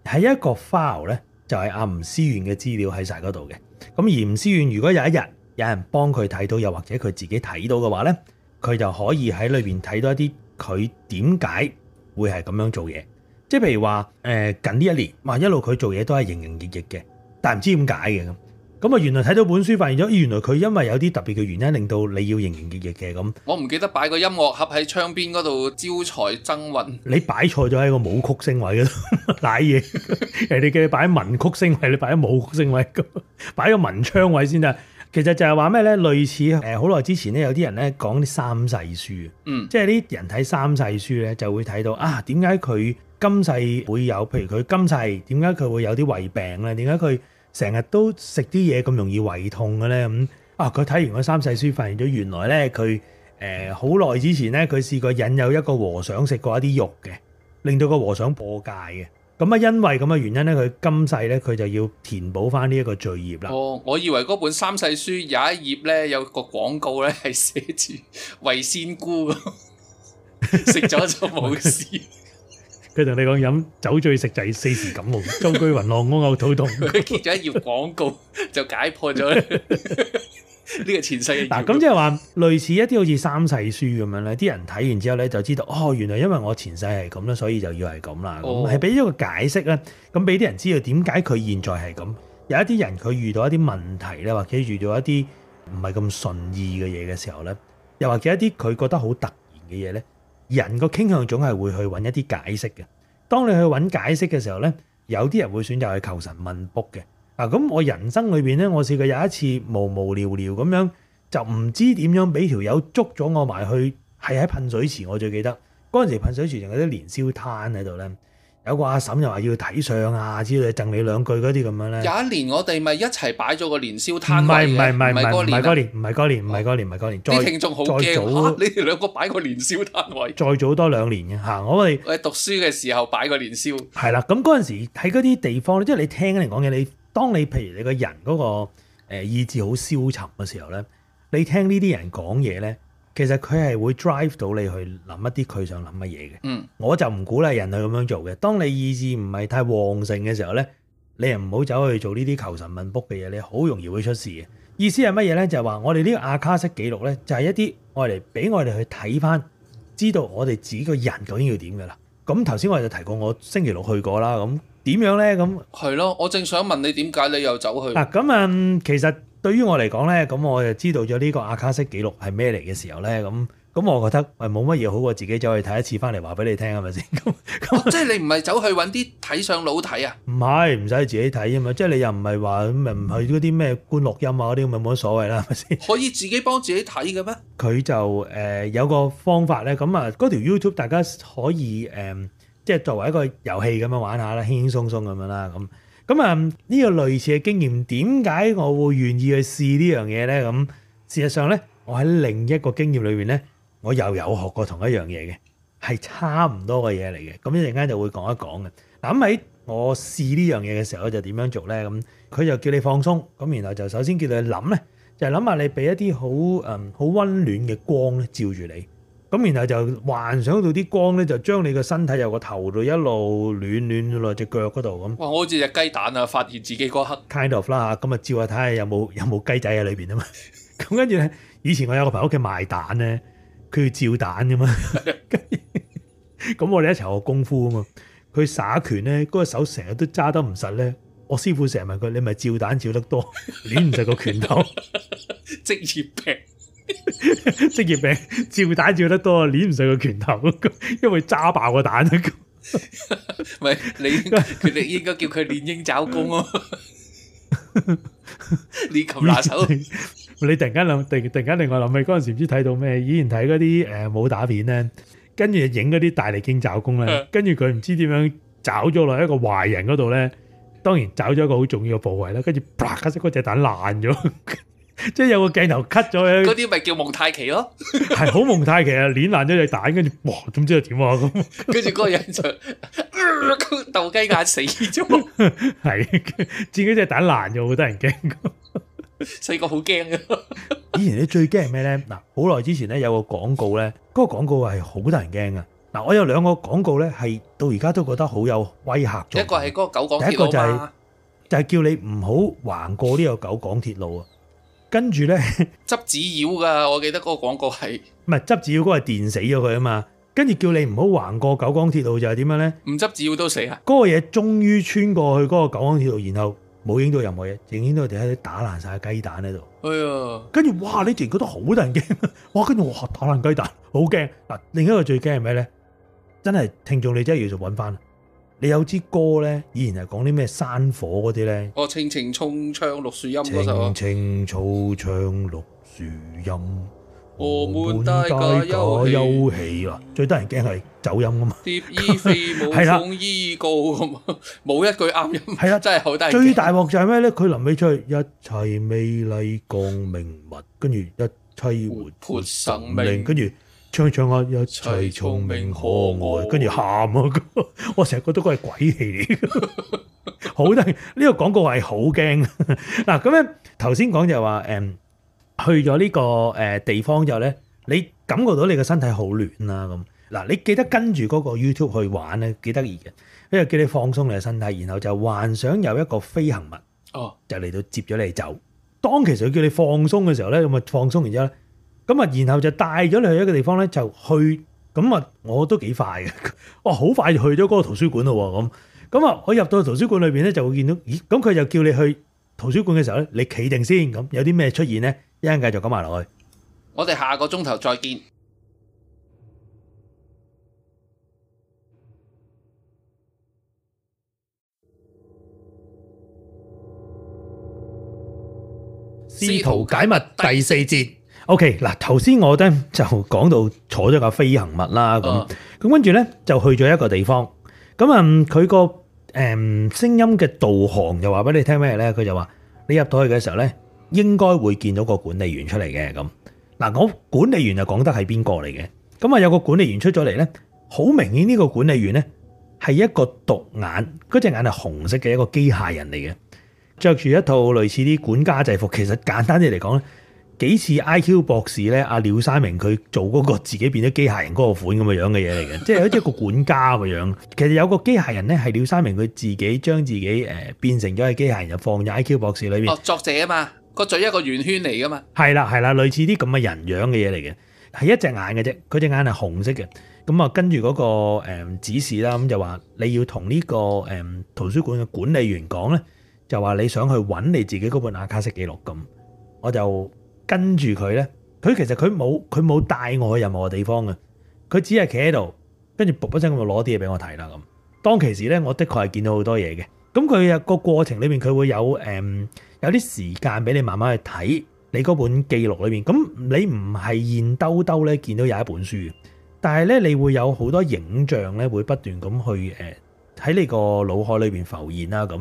喺一個 file 咧。就係阿吳思遠嘅資料喺晒嗰度嘅，咁而吳思遠如果有一日有人幫佢睇到，又或者佢自己睇到嘅話咧，佢就可以喺裏邊睇到一啲佢點解會係咁樣做嘢，即係譬如話誒近呢一年，哇一路佢做嘢都係營營役役嘅，但係唔知點解嘅。咁啊，原來睇到本書發現咗，原來佢因為有啲特別嘅原因，令到你要營營役役嘅咁。我唔記得擺個音樂盒喺窗邊嗰度招財增運，運你擺錯咗喺個武曲聲位嗰度，瀨嘢。人哋叫你擺喺文曲聲位，你擺喺武曲聲位，咁擺個個文昌位先得，啊。其實就係話咩咧？類似好耐，呃、之前咧，有啲人咧講啲三世書，嗯，即係啲人睇三世書咧，就會睇到啊，點解佢今世會有？譬如佢今世點解佢會有啲胃病咧？點解佢？成日都食啲嘢咁容易胃痛嘅咧，咁、嗯、啊佢睇完嗰三世書發現咗，原來咧佢誒好耐之前咧佢試過引誘一個和尚食過一啲肉嘅，令到個和尚破戒嘅。咁、嗯、啊，因為咁嘅原因咧，佢今世咧佢就要填補翻呢一個罪孽啦。哦，我以為嗰本三世書廿一頁咧有個廣告咧係寫住為仙姑食咗就冇事。 佢同你講飲酒醉食仔四時感冒，周居云浪屙嘔肚痛。佢 結咗一頁廣告就解破咗呢 個前世。嗱，咁即係話類似一啲好似三世書咁樣咧，啲人睇完之後咧，就知道哦，原來因為我前世係咁啦，所以就要係咁啦。咁係俾咗個解釋啦，咁俾啲人知道點解佢現在係咁。有一啲人佢遇到一啲問題咧，或者遇到一啲唔係咁順意嘅嘢嘅時候咧，又或者一啲佢覺得好突然嘅嘢咧。人個傾向總係會去揾一啲解釋嘅。當你去揾解釋嘅時候呢，有啲人會選擇去求神問卜嘅。嗱、啊，咁我人生裏邊呢，我試過有一次無無聊聊咁樣，就唔知點樣俾條友捉咗我埋去，係喺噴水池，我最記得嗰陣時噴水池仲有啲年宵攤喺度呢。有個阿嬸又話要睇相啊之類，贈你兩句嗰啲咁樣咧。有一年我哋咪一齊擺咗個年宵攤位。唔係，唔係，唔係，唔係嗰年唔係嗰年唔係嗰年唔係嗰年唔係嗰年，聽眾好驚早啊！你哋兩個擺個年宵攤位。再早多兩年嘅嚇，我哋我係讀書嘅時候擺個年宵。係啦，咁嗰陣時喺嗰啲地方咧，即係你聽人講嘢。你當你譬如你個人嗰個誒意志好消沉嘅時候咧，你聽呢啲人講嘢咧。其實佢係會 drive 到你去諗一啲佢想諗乜嘢嘅，我就唔鼓勵人去咁樣做嘅。當你意志唔係太旺盛嘅時候咧，你又唔好走去做呢啲求神問卜嘅嘢，你好容易會出事嘅。意思係乜嘢咧？就係話我哋呢個阿卡式記錄咧，就係一啲我哋俾我哋去睇翻，知道我哋自己個人究竟要點嘅啦。咁頭先我就提過，我星期六去過啦。咁點樣咧？咁係咯，我正想問你點解你又走去啊？咁啊，嗯，其實對於我嚟講咧，咁我就知道咗呢個阿卡式記錄係咩嚟嘅時候咧，咁咁我覺得誒冇乜嘢好過自己走去睇一次，翻嚟話俾你聽係咪先？咁即係你唔係走去揾啲睇相佬睇啊？唔係，唔使自己睇啊嘛！即係你又唔係話唔係嗰啲咩觀落陰啊嗰啲咁，咪冇乜所謂啦，係咪先？可以自己幫自己睇嘅咩？佢就誒有個方法咧，咁啊嗰條 YouTube 大家可以誒、呃，即係作為一個遊戲咁樣玩下啦，輕輕鬆鬆咁樣啦，咁、嗯。咁啊，呢個類似嘅經驗，點解我會願意去試呢樣嘢咧？咁事實上咧，我喺另一個經驗裏面咧，我又有學過同一樣嘢嘅，係差唔多嘅嘢嚟嘅。咁一陣間就會講一講嘅。咪，喺我試呢樣嘢嘅時候，我就點樣做咧？咁佢就叫你放鬆，咁然後就首先叫你諗咧，就係諗下你俾一啲好嗯好溫暖嘅光咧，照住你。咁然後就幻想到啲光咧，就將你個身體由個頭到一路暖暖落隻腳嗰度咁。哇！我好似隻雞蛋啊，發現自己嗰刻，kind of 啦咁啊，照下睇下有冇有冇雞仔喺裏邊啊嘛。咁跟住咧，以前我有個朋友屋企賣蛋咧，佢要照蛋㗎嘛。咁 我哋一齊學功夫啊嘛。佢耍拳咧，嗰、嗰個手成日都揸得唔實咧。我師傅成日問佢：你咪照蛋照得多，捻唔實個拳頭，職業病。職 業病，照蛋照得多，捏唔上個拳頭，因為揸爆個蛋。唔 係 你佢哋應該叫佢練鷹爪功咯、啊，練 擒 拿手你。你突然間諗，突然間另外諗起嗰陣時唔知睇到咩？以前睇嗰啲誒武打片咧，跟住影嗰啲大力鷹爪功咧，跟住佢唔知點樣找咗落一個壞人嗰度咧，當然找咗一個好重要嘅部位啦，跟住啪，一嗰隻蛋爛咗。即係有個鏡頭 cut 咗，嗰啲咪叫蒙太奇咯，係好蒙太奇爛啊！捻爛咗隻蛋，跟住哇，咁知道點啊？咁跟住個人就鬥雞眼死咗，係自己隻蛋爛咗，好得人驚。細個好驚噶。以前你最驚係咩咧？嗱，好耐之前咧，有個廣告咧，嗰個廣告係好得人驚啊。嗱，我有兩個廣告咧，係到而家都覺得好有威吓。一個係嗰個九廣鐵路嘛，個就係、係就係、叫你唔好橫過呢個九廣鐵路啊！跟住咧，執紙鷂㗎，我記得嗰個廣告係唔係執紙鷂嗰個電死咗佢啊嘛？跟住叫你唔好橫過九廣鐵路就係點樣咧？唔執紙鷂都死啊！嗰個嘢終於穿過去嗰個九廣鐵路，然後冇影到任何嘢，淨影到佢哋喺度打爛晒雞蛋喺度。哎呀、啊！跟住哇，你突然覺得好令人驚，哇！跟住我打爛雞蛋，好驚嗱。另一個最驚係咩咧？真係聽眾，你真係要就揾翻。你有支歌咧，依然係講啲咩山火嗰啲咧？哦，青青草唱綠樹蔭嗰首啊！青青草唱綠樹蔭，我哋大家休休氣啦！最得人驚係走音啊嘛！冇一句啱音！係啦，真係好得。最大鑊就係咩咧？佢臨尾出去，一切美麗光明物，跟住一切活潑生靈，跟住。唱唱啊，又趣，聰明可愛，跟住喊啊！我成日覺得佢係鬼戲嚟嘅，好得意。呢個廣告係好驚。嗱，咁樣頭先講就話，誒，去咗呢個誒地方之後咧，你感覺到你個身體好暖啦！咁嗱，你記得跟住嗰個 YouTube 去玩咧，幾得意嘅，因為叫你放鬆你嘅身體，然後就幻想有一個飛行物哦，就嚟到接咗你走。當其實佢叫你放鬆嘅時候咧，咁啊放鬆，然之後咧。咁啊，然後就帶咗你去一個地方咧，就去咁啊，我都幾快嘅，哇，好快就去咗嗰個圖書館咯，咁，咁啊，我入到圖書館裏邊咧，就會見到，咦，咁佢就叫你去圖書館嘅時候咧，你企定先，咁有啲咩出現咧？一陣繼續講埋落去。我哋下個鐘頭再見。試圖解密第四節。O.K. 嗱，頭先我咧就講到坐咗架飛行物啦，咁咁跟住咧就去咗一個地方。咁啊，佢個誒聲音嘅導航就話俾你聽咩咧？佢就話你入到去嘅時候咧，應該會見到個管理員出嚟嘅。咁嗱，我管理員就講得係邊個嚟嘅？咁啊，有個管理員出咗嚟咧，好明顯呢個管理員咧係一個獨眼，嗰隻眼係紅色嘅一個機械人嚟嘅，着住一套類似啲管家制服。其實簡單啲嚟講咧。幾次 IQ 博士咧？阿廖三明佢做嗰個自己變咗機械人嗰個款咁嘅樣嘅嘢嚟嘅， 即係好似一個管家咁嘅樣。其實有個機械人咧，係廖三明佢自己將自己誒變成咗個機械人，就放咗 IQ 博士裏面，哦。作者啊嘛，個嘴一個圓圈嚟噶嘛。係啦係啦，類似啲咁嘅人樣嘅嘢嚟嘅，係一隻眼嘅啫，佢隻眼係紅色嘅。咁啊，跟住嗰個指示啦，咁就話你要同呢個誒圖書館嘅管理員講咧，就話你想去揾你自己嗰本阿卡式記錄咁，我就。跟住佢呢，佢其實佢冇佢冇帶我去任何地方啊。佢只係企喺度，跟住卜卜聲咁就攞啲嘢俾我睇啦咁。當其時呢，我的確係見到好多嘢嘅。咁佢個過程裏面佢會有誒、嗯、有啲時間俾你慢慢去睇你嗰本記錄裏面，咁你唔係現兜兜咧見到有一本書，但係呢，你會有好多影像呢，會不斷咁去誒喺你個腦海裏面浮現啦咁。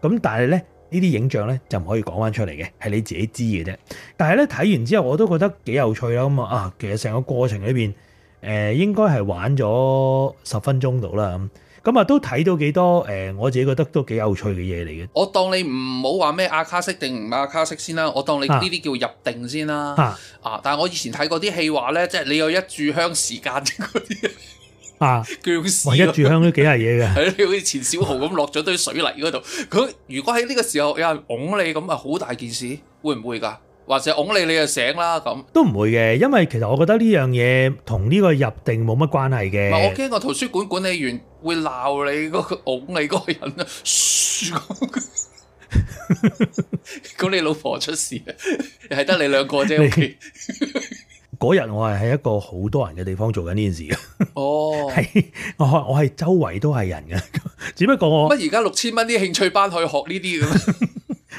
咁但係呢。呢啲影像呢，就唔可以講翻出嚟嘅，係你自己知嘅啫。但係呢，睇完之後，我都覺得幾有趣啦。咁啊啊，其實成個過程裏邊，誒、呃、應該係玩咗十分鐘、啊、到啦。咁啊都睇到幾多誒，我自己覺得都幾有趣嘅嘢嚟嘅。我當你唔好話咩阿卡式定唔阿卡式先啦，我當你呢啲叫入定先啦。啊，啊啊但係我以前睇過啲戲話呢，即、就、係、是、你有一炷香時間啲。 啊！驚死，一住香都幾下嘢嘅，係咯，好似錢小豪咁落咗堆水泥嗰度。佢如果喺呢個時候有人拱你，咁啊好大件事，會唔會㗎？或者拱你你就醒啦咁？都唔會嘅，因為其實我覺得呢樣嘢同呢個入定冇乜關係嘅。我驚個圖書館管理員會鬧你，嗰個拱你嗰個人啦。咁，嗰個、 你老婆出事啊？係得你兩個啫。OK 你 嗰日我係喺一個好多人嘅地方做緊呢件事嘅。哦，係，我我係周圍都係人嘅，只不過我乜而家六千蚊啲興趣班去學呢啲咁？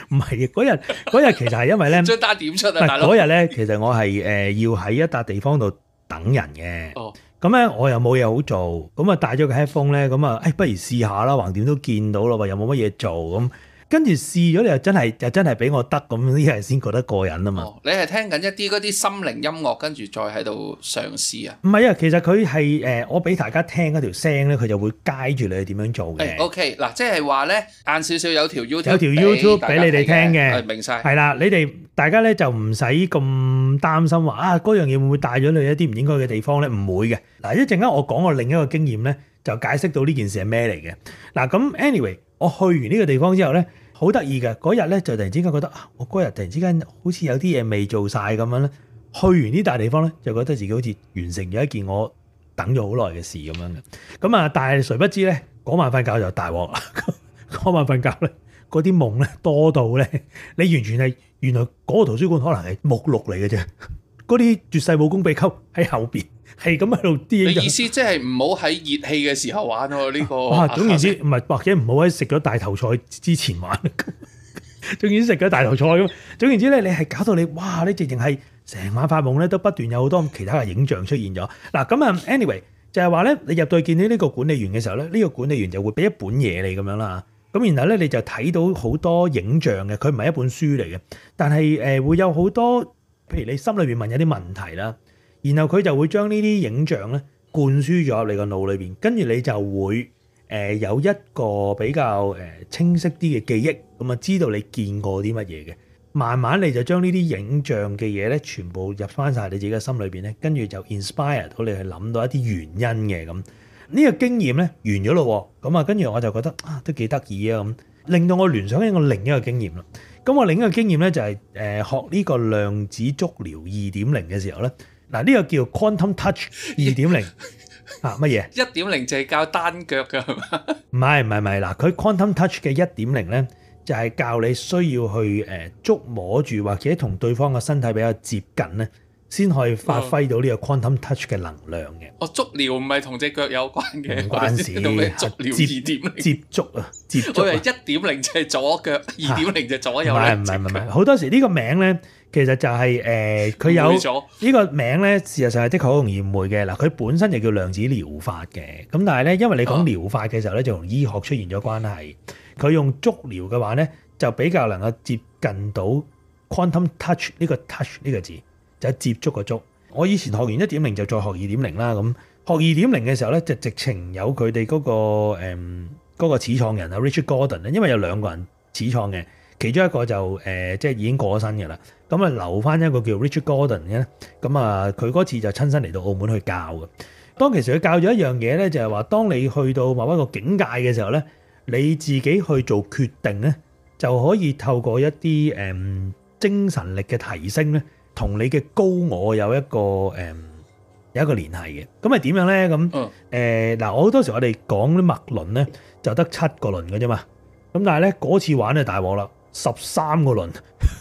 唔係嘅，嗰日嗰日其實係因為咧張 單點出啊？大佬嗰日咧其實我係誒要喺一笪地方度等人嘅。哦，咁咧我又冇嘢好做，咁啊帶咗個 headphone 咧，咁啊誒不如試下啦，橫掂都見到啦，又冇乜嘢做咁。跟住試咗又真係又真係俾我得，咁呢樣先覺得過癮啊嘛！你係聽緊一啲嗰啲心靈音樂，跟住再喺度嘗試啊？唔係啊，其實佢係誒，我俾大家聽嗰條聲咧，佢就會 guide 住你點樣做嘅。OK，嗱，即係話咧，晏少少有條 YouTube，有條 YouTube 俾你哋聽嘅，明曬。係啦，你哋大家咧就唔使咁擔心話啊，嗰樣嘢會唔會帶咗你去一啲唔應該嘅地方咧？唔會嘅。嗱，一陣間我講我另一個經驗咧，就解釋到呢件事係咩嚟嘅。嗱，咁 Anyway。我去完呢個地方之後咧，好得意嘅，嗰日咧就突然之間覺得啊，我嗰日突然之間好似有啲嘢未做晒咁樣咧。去完呢大地方咧，就覺得自己好似完成咗一件我等咗好耐嘅事咁樣嘅。咁啊，嗯，但係誰不知咧，嗰晚瞓覺就大鑊。嗰晚瞓覺咧，嗰啲夢咧多到咧，你完全係原來嗰個圖書館可能係目錄嚟嘅啫，嗰啲絕世武功秘笈喺後邊。係咁喺度啲。意思即係唔好喺熱氣嘅時候玩喎、啊、呢、呢個。哇、啊，總言之，唔係、啊、或者唔好喺食咗大頭菜之前玩。呵呵總言之，總言之，食咗大頭菜咁。總言之咧，你係搞到你，哇！你直情係成晚發夢咧，都不斷有好多其他嘅影像出現咗。嗱，咁啊，anyway 就係話咧，你入到去見到呢個管理員嘅時候咧，呢、呢個管理員就會俾一本嘢你咁樣啦。咁然後咧，你就睇到好多影像嘅，佢唔係一本書嚟嘅，但係誒會有好多，譬如你心裏面問有啲問題啦。然後佢就會將呢啲影像咧灌輸咗入你個腦裏邊，跟住你就會誒有一個比較誒清晰啲嘅記憶，咁啊知道你見過啲乜嘢嘅。慢慢你就將呢啲影像嘅嘢咧，全部入翻晒你自己嘅心裏邊咧，跟住就 inspire 到你去諗到一啲原因嘅。咁呢個經驗咧完咗咯。咁啊，跟住我就覺得啊都幾得意啊咁，令到我聯想起我另一個經驗啦、就是。咁我另一個經驗咧就係誒學呢個量子足療二點零嘅時候咧。嗱，呢個叫 Quantum Touch 二點零啊，乜嘢？一點零就係教單腳嘅，係嘛？唔係唔係唔係，嗱，佢 Quantum Touch 嘅一點零咧，就係教你需要去誒觸摸住，或者同對方嘅身體比較接近咧，先可以發揮到呢個 Quantum Touch 嘅能量嘅。哦，足療唔係同隻腳有關嘅，唔關事，足療接接觸啊，接觸。我係一點零就係左腳，二點零就係左右。唔係唔係唔係，好多時呢個名咧。其實就係、是、誒，佢、呃、有呢個名咧，事實上係的確好容易誤會嘅。嗱，佢本身就叫量子療法嘅，咁但係咧，因為你講療法嘅時候咧，就同醫學出現咗關係。佢用觸療嘅話咧，就比較能夠接近到 quantum touch 呢個 touch 呢個字，就係、是、接觸個觸。我以前學完一點零就再學二點零啦，咁學二點零嘅時候咧，就直情有佢哋嗰個誒、那個、始創人啊 Richard Gordon 咧，因為有兩個人始創嘅。其中一個就誒、呃，即係已經過咗身嘅啦。咁啊，留翻一個叫 Richard Gordon 嘅，咁啊，佢嗰次就親身嚟到澳門去教嘅。當其時佢教咗一樣嘢咧，就係話，當你去到某一個境界嘅時候咧，你自己去做決定咧，就可以透過一啲誒、嗯、精神力嘅提升咧，同你嘅高我有一個誒、嗯、有一個聯繫嘅。咁係點樣咧？咁誒嗱，我好多時候我哋講啲脈輪咧，就得七個輪嘅啫嘛。咁但係咧，嗰次玩就大鑊啦。十三個輪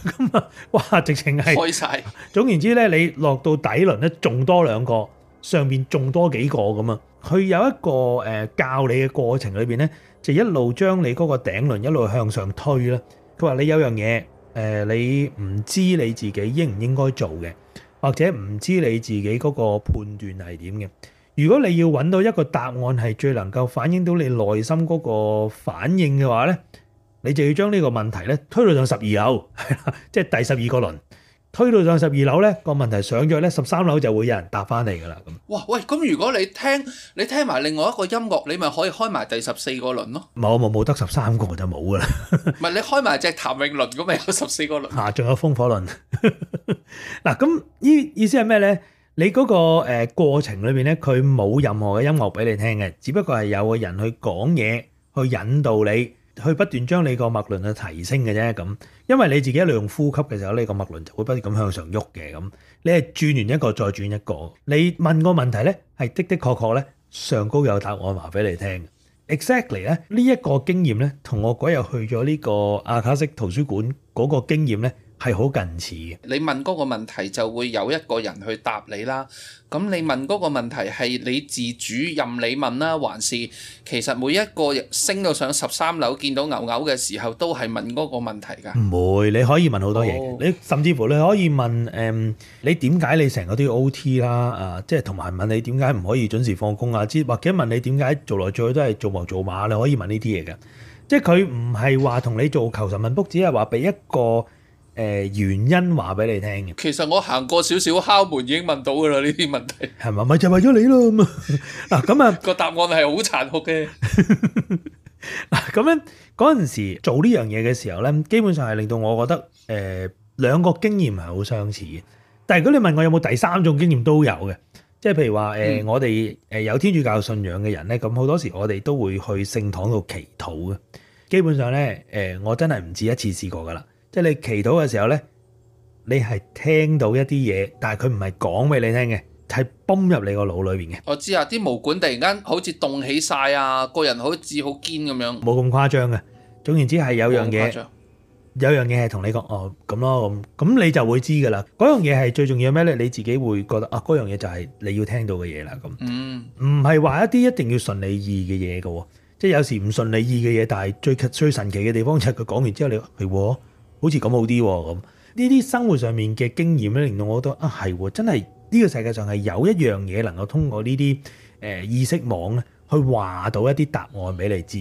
咁啊！哇，直情係開曬。總言之咧，你落到底輪咧，仲多兩個，上邊仲多幾個咁啊。佢有一個誒教你嘅過程裏邊咧，就一路將你嗰個頂輪一路向上推啦。佢話你有樣嘢誒，你唔知你自己應唔應該做嘅，或者唔知你自己嗰個判斷係點嘅。如果你要揾到一個答案係最能夠反映到你內心嗰個反應嘅話咧，你就要將呢個問題咧推到上十二樓，即係第十二個輪推到上十二樓咧個問題上咗咧，十三樓就會有人答翻你噶啦。咁哇喂，咁如果你聽你聽埋另外一個音樂，你咪可以開埋第十四個輪咯。冇冇冇，得十三個就冇噶啦。唔係你開埋隻譚詠麟咁咪有十四個輪。啊，仲有風火輪。嗱，咁意意思係咩咧？你嗰個誒過程裏邊咧，佢冇任何嘅音樂俾你聽嘅，只不過係有個人去講嘢去引導你。去不斷將你個脈輪去提升嘅啫咁，因為你自己利用呼吸嘅時候，呢個脈輪就會不斷咁向上喐嘅咁。你係轉完一個再轉一個。你問個問題咧，係的的確確咧上高有答案話俾你聽。Exactly 咧呢一個經驗咧，同我嗰日去咗呢個阿卡式圖書館嗰個經驗咧。係好近似嘅。你問嗰個問題就會有一個人去答你啦。咁你問嗰個問題係你自主任你問啦，還是其實每一個升到上十三樓見到牛牛嘅時候都係問嗰個問題㗎？唔會，你可以問好多嘢。你甚至乎你可以問誒，你點解你成日都要 OT 啦啊，即係同埋問你點解唔可以準時放工啊？之或者問你點解做來做去都係做牛做馬？你可以問呢啲嘢㗎，即係佢唔係話同你做求神問卜，只係話俾一個。誒原因話俾你聽嘅。其實我行過少少敲門已經問到噶啦，呢啲問題係咪咪就係為咗你咯。咁嗱咁啊，個答案係好殘酷嘅。嗱 那，咁樣嗰陣時做呢樣嘢嘅時候咧，基本上係令到我覺得誒、呃、兩個經驗係好相似嘅。但係如果你問我有冇第三種經驗都有嘅，即係譬如話誒、呃嗯、我哋誒有天主教信仰嘅人咧，咁好多時我哋都會去聖堂度祈禱嘅。基本上咧誒、呃，我真係唔止一次試過噶啦。即係你祈禱嘅時候咧，你係聽到一啲嘢，但係佢唔係講俾你聽嘅，係崩入你個腦裏邊嘅。我知啊，啲毛管突然間好似動起晒啊，個人好似好堅咁樣。冇咁誇張嘅，總言之係有樣嘢，有樣嘢係同你講哦咁咯咁，咁你就會知噶啦。嗰樣嘢係最重要咩咧？你自己會覺得啊，嗰樣嘢就係你要聽到嘅嘢啦。咁，唔係話一啲一定要順你意嘅嘢噶，即係有時唔順你意嘅嘢，但係最最神奇嘅地方就係佢講完之後，你係。哎好似咁好啲喎咁，呢啲生活上面嘅經驗咧，令到我覺得啊係喎，真係呢個世界上係有一樣嘢能夠通過呢啲、呃、意識網咧，去話到一啲答案俾你知。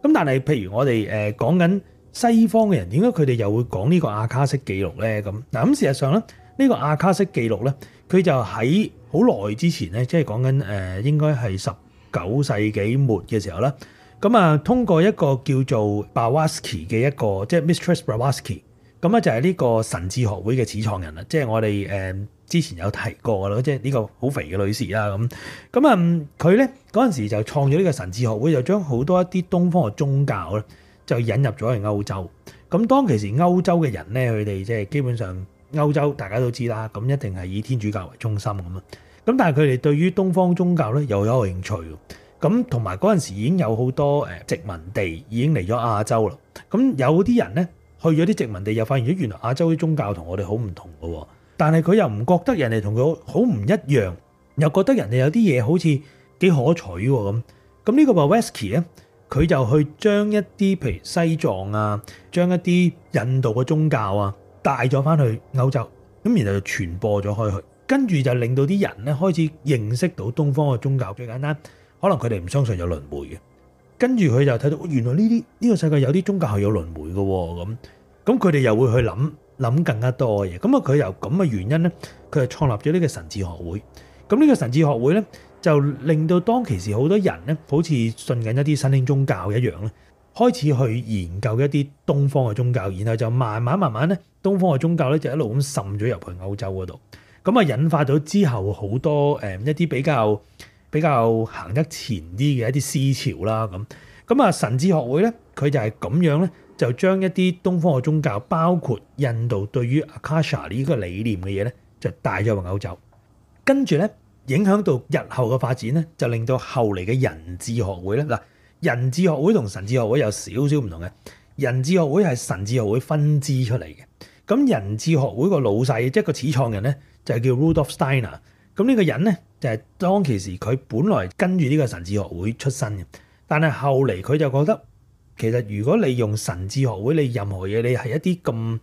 咁但係譬如我哋誒講緊西方嘅人，點解佢哋又會講呢個阿卡式記錄咧？咁嗱咁事實上咧，呢個阿卡式記錄咧，佢就喺好耐之前咧，即係講緊誒應該係十九世紀末嘅時候啦。咁啊，通過一個叫做 Bawaski 嘅一個，即係 Mistress Bawaski。咁咧就係呢個神智學會嘅始創人啦，即係我哋誒之前有提過嘅咯，即係呢個好肥嘅女士啦咁。咁啊佢咧嗰陣時就創咗呢個神智學會，就將好多一啲東方嘅宗教咧，就引入咗去歐洲。咁當其時歐洲嘅人咧，佢哋即係基本上歐洲大家都知啦，咁一定係以天主教為中心咁啊。咁但係佢哋對於東方宗教咧，又有興趣嘅。咁同埋嗰陣時已經有好多誒殖民地已經嚟咗亞洲啦。咁有啲人咧。去咗啲殖民地又發現咗原來亞洲啲宗教同我哋好唔同嘅，但係佢又唔覺得人哋同佢好唔一樣，又覺得人哋有啲嘢好似幾可取咁。咁呢個話 Wesky 咧，佢就去將一啲譬如西藏啊，將一啲印度嘅宗教啊帶咗翻去歐洲，咁然後就傳播咗開去，跟住就令到啲人咧開始認識到東方嘅宗教。最簡單，可能佢哋唔相信有輪迴嘅。跟住佢就睇到，原來呢啲呢個世界有啲宗教係有輪迴嘅，咁咁佢哋又會去諗諗更加多嘅嘢。咁啊，佢由咁嘅原因呢，佢係創立咗呢個神智學會。咁、這、呢個神智學會呢，就令到當其時好多人呢，好似信緊一啲新興宗教一樣咧，開始去研究一啲東方嘅宗教，然後就慢慢慢慢咧，東方嘅宗教咧就一路咁滲咗入去歐洲嗰度，咁啊，引發咗之後好多誒一啲比較。比較行得前啲嘅一啲思潮啦，咁咁啊神智學會咧，佢就係咁樣咧，就將一啲東方嘅宗教，包括印度對於 Akasha 呢個理念嘅嘢咧，就帶咗往歐洲，跟住咧影響到日後嘅發展咧，就令到後嚟嘅人智學會咧嗱，人智學會同神智學會有少少唔同嘅，人智學會係神智學會分支出嚟嘅，咁人智學會個老細，即係個始創人咧就係叫 Rudolf Steiner。咁呢個人呢，就係、是、當其時佢本來跟住呢個神智學會出身嘅，但係後嚟佢就覺得其實，如果你用神智學會，你任何嘢，你係一啲咁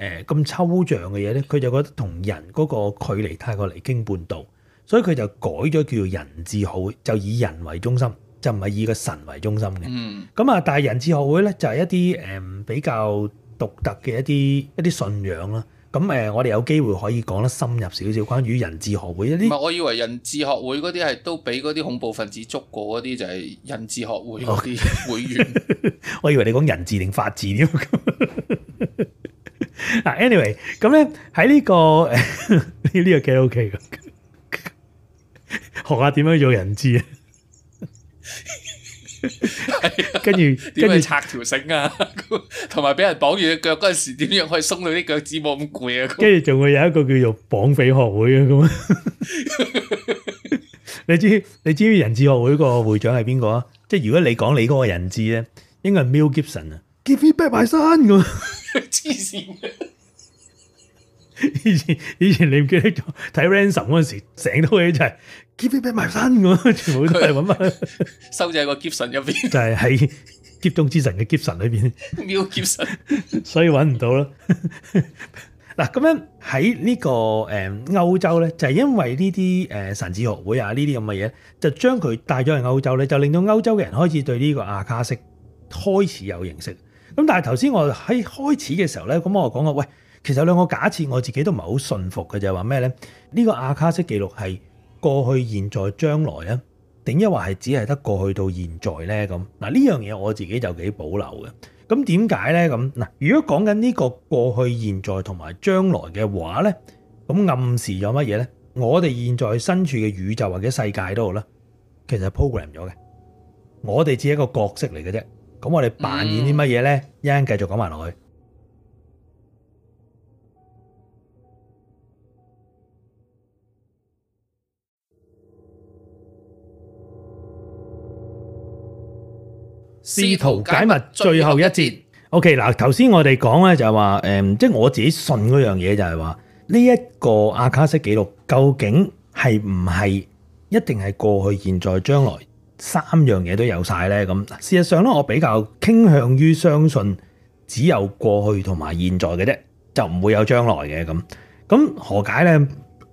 誒咁抽象嘅嘢呢，佢就覺得同人嗰個距離太過離經叛道，所以佢就改咗叫做人智學會，就以人為中心，就唔係以個神為中心嘅。嗯，咁啊，但係人智學會呢，就係、是、一啲誒、呃、比較獨特嘅一啲一啲信仰啦。咁誒，我哋有機會可以講得深入少少，關於人智學會一啲。唔係，我以為人智學會嗰啲係都俾嗰啲恐怖分子捉過嗰啲，就係人智學會嗰啲會員。Okay. 我以為你講人治定法治添。嗱 ，anyway，咁咧喺呢、這個誒呢 個幾 OK 嘅，學下點樣做人智啊！ 跟住跟住拆條繩啊，同埋俾人綁住隻腳嗰陣時，點樣可以鬆到啲腳趾冇咁攰啊？跟住仲會有一個叫做綁匪學會啊，咁 你知你知唔知人質學會個會長係邊個啊？即係如果你講你嗰個人質咧，應該係 Mel Gibson 啊，Give me back my son 咁，黐線。以前以前你唔記得咗睇 ransom 嗰陣時，成套戲就係。keep 畀埋翻咁全部都係搵埋，收住喺個 k 神入邊，就係喺 k 中之神嘅 k 神裏邊， 所以搵唔到咯。嗱， 咁樣喺呢個誒歐洲咧，就係、是、因為呢啲誒神智學會啊呢啲咁嘅嘢，就將佢帶咗去歐洲咧，就令到歐洲嘅人開始對呢個阿卡式開始有認識。咁但係頭先我喺開始嘅時候咧，咁我講過喂，其實兩個假設我自己都唔係好信服嘅，就係話咩咧？呢、這個阿卡式記錄係。過去、現在、將來咧，定一話係只係得過去到現在呢？咁嗱，呢樣嘢我自己就幾保留嘅。咁點解呢？咁嗱，如果講緊呢個過去、現在同埋將來嘅話呢，咁暗示咗乜嘢呢？我哋現在身處嘅宇宙或者世界度咧，其實係 program 咗嘅，我哋只係一個角色嚟嘅啫。咁我哋扮演啲乜嘢呢？一陣繼續講埋落去。試圖解密最後一節。O K，嗱頭先我哋講咧就係話，誒即係我自己信嗰樣嘢就係話，呢、這、一個阿卡式記錄究竟係唔係一定係過去、現在、將來三樣嘢都有晒呢？咁事實上咧，我比較傾向於相信只有過去同埋現在嘅啫，就唔會有將來嘅咁。咁何解呢？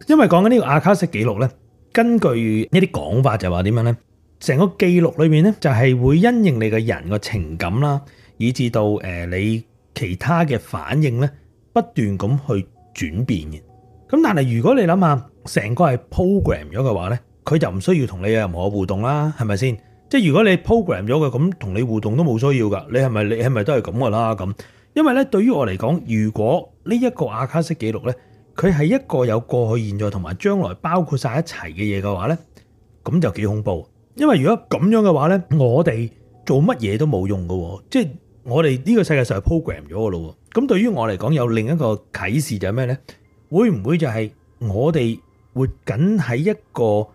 因為講緊呢個阿卡式記錄呢，根據一啲講法就話點樣呢？成個記錄裏面咧，就係會因應你個人嘅情感啦，以至到誒你其他嘅反應咧，不斷咁去轉變嘅。咁但係如果你諗下，成個係 program 咗嘅話咧，佢就唔需要同你有任何互動啦，係咪先？即係如果你 program 咗嘅，咁同你互動都冇需要㗎。你係咪你係咪都係咁㗎啦？咁因為咧，對於我嚟講，如果呢一個阿卡式記錄咧，佢係一個有過去、現在同埋將來包括晒一齊嘅嘢嘅話咧，咁就幾恐怖。因為如果咁樣嘅話呢，我哋做乜嘢都冇用噶，即係我哋呢個世界上係 program 咗噶咯。咁對於我嚟講，有另一個啟示就係咩呢？會唔會就係我哋活緊喺一個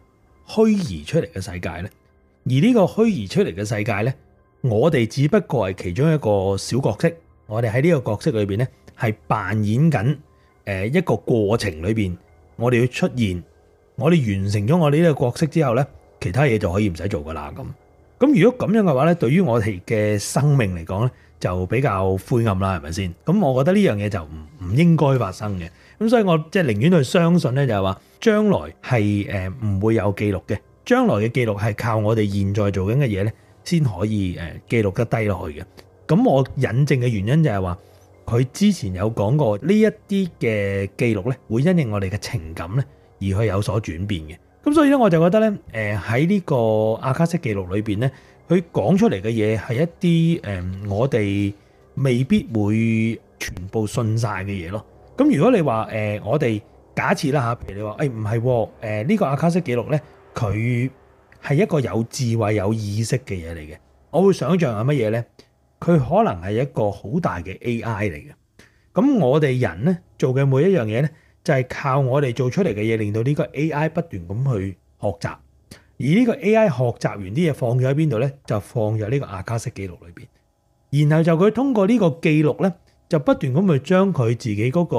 虛擬出嚟嘅世界呢？而呢個虛擬出嚟嘅世界呢，我哋只不過係其中一個小角色。我哋喺呢個角色裏邊呢，係扮演緊誒一個過程裏邊，我哋要出現，我哋完成咗我哋呢個角色之後呢。其他嘢就可以唔使做噶啦，咁。咁如果咁樣嘅話咧，對於我哋嘅生命嚟講咧，就比較灰暗啦，係咪先？咁我覺得呢樣嘢就唔唔應該發生嘅。咁所以我即係寧願去相信咧，就係話將來係誒唔會有記錄嘅。將來嘅記錄係靠我哋現在做緊嘅嘢咧，先可以誒記錄得低落去嘅。咁我引證嘅原因就係話，佢之前有講過呢一啲嘅記錄咧，會因應我哋嘅情感咧而去有所轉變嘅。咁所以咧，我就覺得咧，喺呢個阿卡式記錄裏面咧，佢講出嚟嘅嘢係一啲誒我哋未必會全部信晒嘅嘢咯。咁如果你話我哋假設啦吓，譬如你話誒唔係，喎，誒呢個阿卡式記錄咧，佢係一個有智慧有意識嘅嘢嚟嘅，我會想象係乜嘢咧？佢可能係一個好大嘅 AI 嚟嘅。咁我哋人咧做嘅每一樣嘢咧。就係靠我哋做出嚟嘅嘢，令到呢個 AI 不斷咁去學習。而呢個 AI 學習完啲嘢放咗喺邊度咧，就放咗喺呢個阿卡式記錄裏邊。然後就佢通過呢個記錄咧，就不斷咁去將佢自己嗰個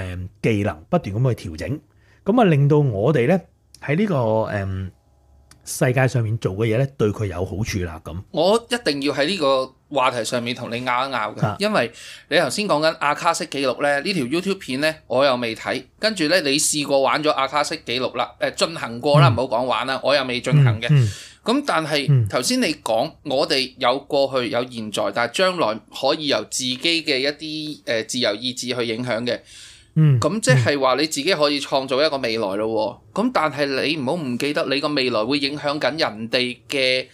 誒技能不斷咁去調整。咁啊，令到我哋咧喺呢個誒，嗯世界上面做嘅嘢呢對佢有好處啦。咁，我一定要喺呢個話題上面同你拗一拗㗎，啊、因為你頭先講緊阿卡式記錄呢，呢條 YouTube 片呢，我又未睇。跟住呢，你試過玩咗阿卡式記錄啦，誒進行過啦，唔好講玩啦，我又未進行嘅。咁、嗯嗯、但係頭先你講，我哋有過去有現在，嗯、但係將來可以由自己嘅一啲自由意志去影響嘅。嗯，咁即係話你自己可以創造一個未來咯喎，咁、嗯、但係你唔好唔記得，你個未來會影響緊人哋嘅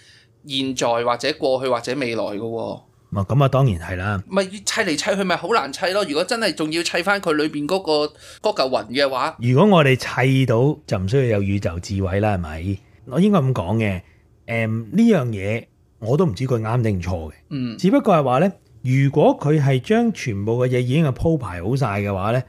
現在或者過去或者未來㗎喎。咁啊，當然係啦。咪砌嚟砌去咪好難砌咯，如果真係仲要砌翻佢裏面嗰、嗰個嗰嚿雲嘅話。如果我哋砌到就唔需要有宇宙智慧啦，係咪？我應該咁講嘅，呢樣嘢我都唔知佢啱定錯嘅，嗯，不嗯只不過係話呢，如果佢係將全部嘅嘢已經係鋪排好晒嘅話呢。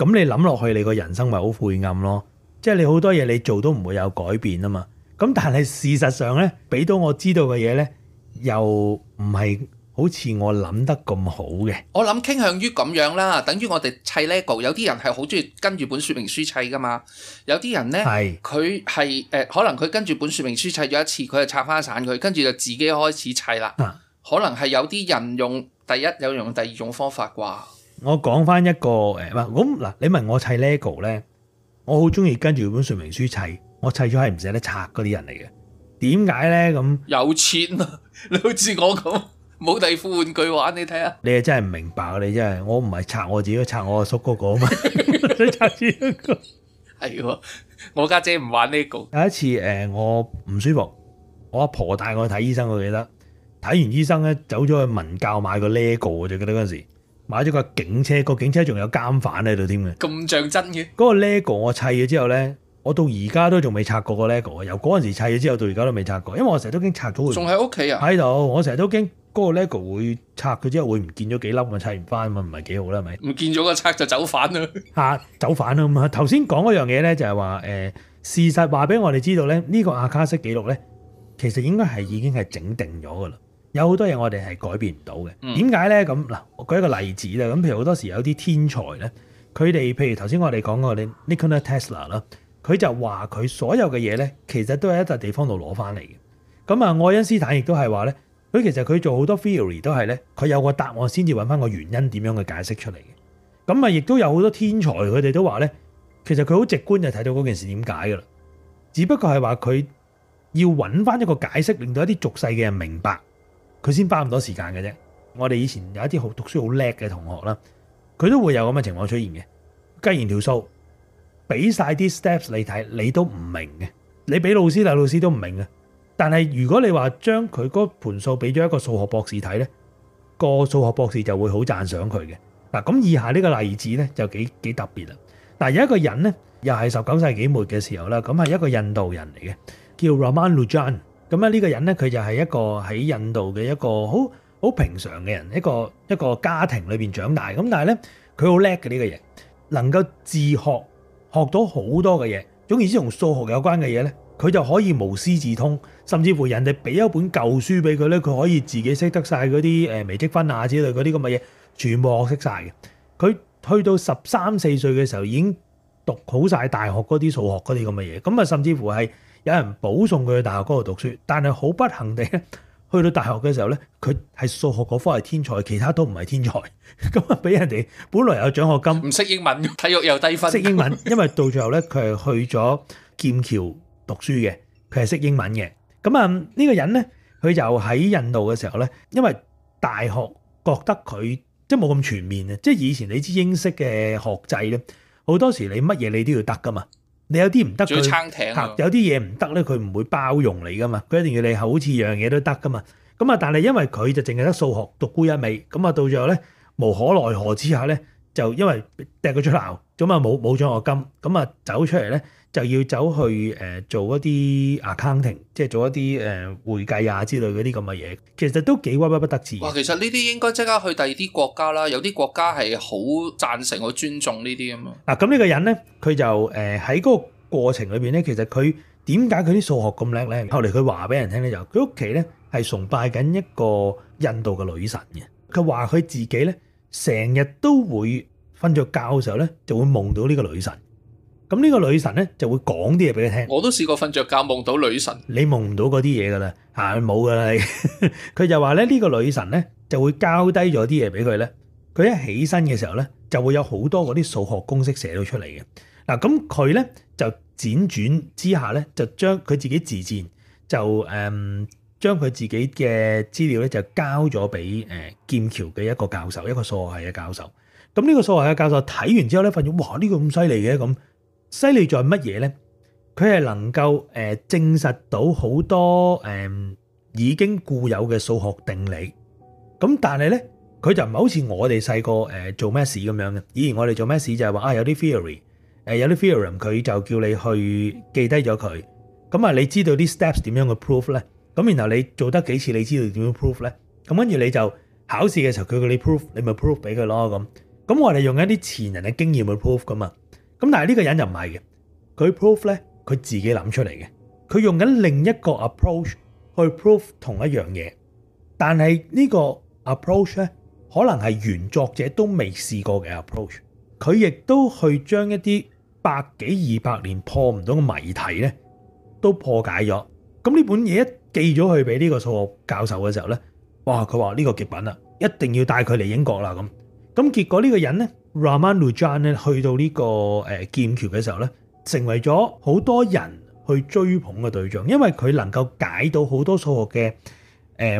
咁你諗落去，你個人生咪好晦暗咯？即係你好多嘢你做都唔會有改變啊嘛。咁但係事實上呢，俾到我知道嘅嘢呢，又唔係好似我諗得咁好嘅。我諗傾向於咁樣啦，等於我哋砌 LEGO，有啲人係好中意跟住本說明書砌噶嘛。有啲人呢，佢係誒，可能佢跟住本說明書砌咗一次，佢就拆翻散佢，跟住就自己開始砌啦。啊、可能係有啲人用第一，有人用第二種方法啩。我講翻一個誒，唔咁嗱，你問我砌 lego 咧，我好中意跟住本說明書砌，我砌咗係唔捨得拆嗰啲人嚟嘅。點解咧？咁有錢啊！你好似我咁冇地庫玩具玩，你睇下、啊，你係真係唔明白啊！你真係，我唔係拆我自己，拆我阿叔嗰個啊嘛，你拆自己個。係喎，我家姐唔玩 Lego。有一次誒、欸，我唔舒服，我阿婆帶我去睇醫生，我記得睇完醫生咧，走咗去文教買個 lego 我啫，記得嗰陣時。買咗個警車，個警車仲有監犯喺度添嘅，咁像真嘅。嗰個 LEGO 我砌咗之後咧，我到而家都仲未拆過個 LEGO 啊！由嗰陣時砌咗之後到而家都未拆過，因為我成日都驚拆咗。仲喺屋企啊？喺度，我成日都驚嗰個 LEGO 會拆佢之後會唔見咗幾粒、啊、嘛？砌唔翻嘛？唔係幾好啦，係咪？唔見咗個拆就走反啦。吓，走反啦咁啊！頭先講嗰樣嘢咧，就係話誒，事實話俾我哋知道咧，這個、呢個阿卡式記錄咧，其實應該係已經係整定咗噶啦有好多嘢我哋係改變唔到嘅，點解咧？咁嗱，我舉一個例子啦。咁譬如好多時有啲天才咧，佢哋譬如頭先我哋講過嘅尼古拉特斯拉啦，佢就話佢所有嘅嘢咧，其實都喺一笪地方度攞翻嚟嘅。咁、嗯、啊，愛因斯坦亦都係話咧，佢其實佢做好多 theory 都係咧，佢有個答案先至揾翻個原因點樣嘅解釋出嚟嘅。咁、嗯、啊，亦都有好多天才佢哋都話咧，其實佢好直觀就睇到嗰件事點解噶啦，只不過係話佢要揾翻一個解釋，令到一啲俗世嘅人明白。佢先花咁多時間嘅啫。我哋以前有一啲好讀書好叻嘅同學啦，佢都會有咁嘅情況出現嘅。計完條數，俾晒啲 steps 你睇，你都唔明嘅。你俾老師睇，老師都唔明嘅。但係如果你話將佢嗰盤數俾咗一個數學博士睇呢，個數學博士就會好讚賞佢嘅。嗱，咁以下呢個例子呢，就幾幾特別啦。嗱，有一個人呢，又係十九世紀末嘅時候啦，咁係一個印度人嚟嘅，叫 Ramanujan。咁呢個人咧，佢就係一個喺印度嘅一個好好平常嘅人，一個一個家庭裏面長大。咁但係咧，佢好叻嘅呢個人，能夠自學學到好多嘅嘢。總言之，同數學有關嘅嘢咧，佢就可以無師自通，甚至乎人哋俾一本舊書俾佢咧，佢可以自己識得晒嗰啲誒微積分啊之類嗰啲咁嘅嘢，全部學識晒嘅。佢去到十三四歲嘅時候已經讀好晒大學嗰啲數學嗰啲咁嘅嘢，咁啊甚至乎係。有人保送佢去大學嗰度讀書，但係好不幸地咧，去到大學嘅時候咧，佢係數學嗰科係天才，其他都唔係天才。咁啊，俾人哋本來有獎學金，唔識英文，體育又低分。識 英文，因為到最後咧，佢係去咗劍橋讀書嘅，佢係識英文嘅。咁、嗯、啊，呢、呢個人咧，佢就喺印度嘅時候咧，因為大學覺得佢即係冇咁全面咧，即係以前你知英式嘅學制咧，好多時你乜嘢你都要得噶嘛。你有啲唔得嘅，有啲嘢唔得咧，佢唔會包容你噶嘛，佢一定要你好似樣樣嘢都得噶嘛。咁啊，但係因為佢就淨係得數學獨沽一味，咁啊到最後咧，無可奈何之下咧，就因為掟佢出鬧。咁啊冇冇獎學金，咁啊走出嚟咧就要走去誒、呃、做一啲 accounting，即係做一啲誒、呃、會計啊之類嗰啲咁嘅嘢，其實都幾屈屈不得志。哇！其實呢啲應該即刻去第二啲國家啦，有啲國家係好贊成好尊重呢啲咁樣。嗱，咁呢個人咧，佢就誒喺嗰個過程裏邊咧，其實佢點解佢啲數學咁叻咧？後嚟佢話俾人聽咧，就佢屋企咧係崇拜緊一個印度嘅女神嘅，佢話佢自己咧成日都會。瞓着覺嘅時候咧，就會夢到呢個女神。咁呢個女神咧，就會講啲嘢俾佢聽。我都試過瞓着覺夢到女神。你夢唔到嗰啲嘢噶啦，吓、啊，冇噶啦。佢 就話咧，呢個女神咧就會交低咗啲嘢俾佢咧。佢一起身嘅時候咧，就會有好多嗰啲數學公式寫到出嚟嘅。嗱，咁佢咧就輾轉之下咧，就將佢自己自薦就誒將佢自己嘅資料咧就交咗俾誒劍橋嘅一個教授，一個數學系嘅教授。咁呢個數學嘅教授睇完之後咧，發現哇，這個、這呢個咁犀利嘅咁犀利在乜嘢咧？佢係能夠誒證實到好多誒、嗯、已經固有嘅數學定理。咁但係咧，佢就唔係好似我哋細個做咩事咁樣嘅。以前我哋做咩事就係話啊，有啲 theory，有啲 theorem，佢就叫你去記低咗佢。咁、嗯、啊，你知道啲 steps 點樣嘅 proof 咧？咁然後你做得幾次，你知道點樣 proof 咧？咁跟住你就考試嘅時候，佢叫你 proof，你咪 proof 俾佢咯咁。咁我哋用一啲前人嘅經驗去 prove 㗎嘛，咁但係呢個人就唔係嘅，佢 prove 咧佢自己諗出嚟嘅，佢用緊另一個 approach 去 prove 同一樣嘢，但係呢個 approach 咧可能係原作者都未試過嘅 approach，佢亦都去將一啲百幾二百年破唔到嘅謎題咧都破解咗，咁呢本嘢一寄咗去俾呢個數學教授嘅時候咧，哇！佢話呢個傑品啊，一定要帶佢嚟英國啦咁。咁結果呢個人呢 Ramanujan 咧去到呢個誒劍橋嘅時候呢，成為咗好多人去追捧嘅對象，因為佢能夠解到好多數學嘅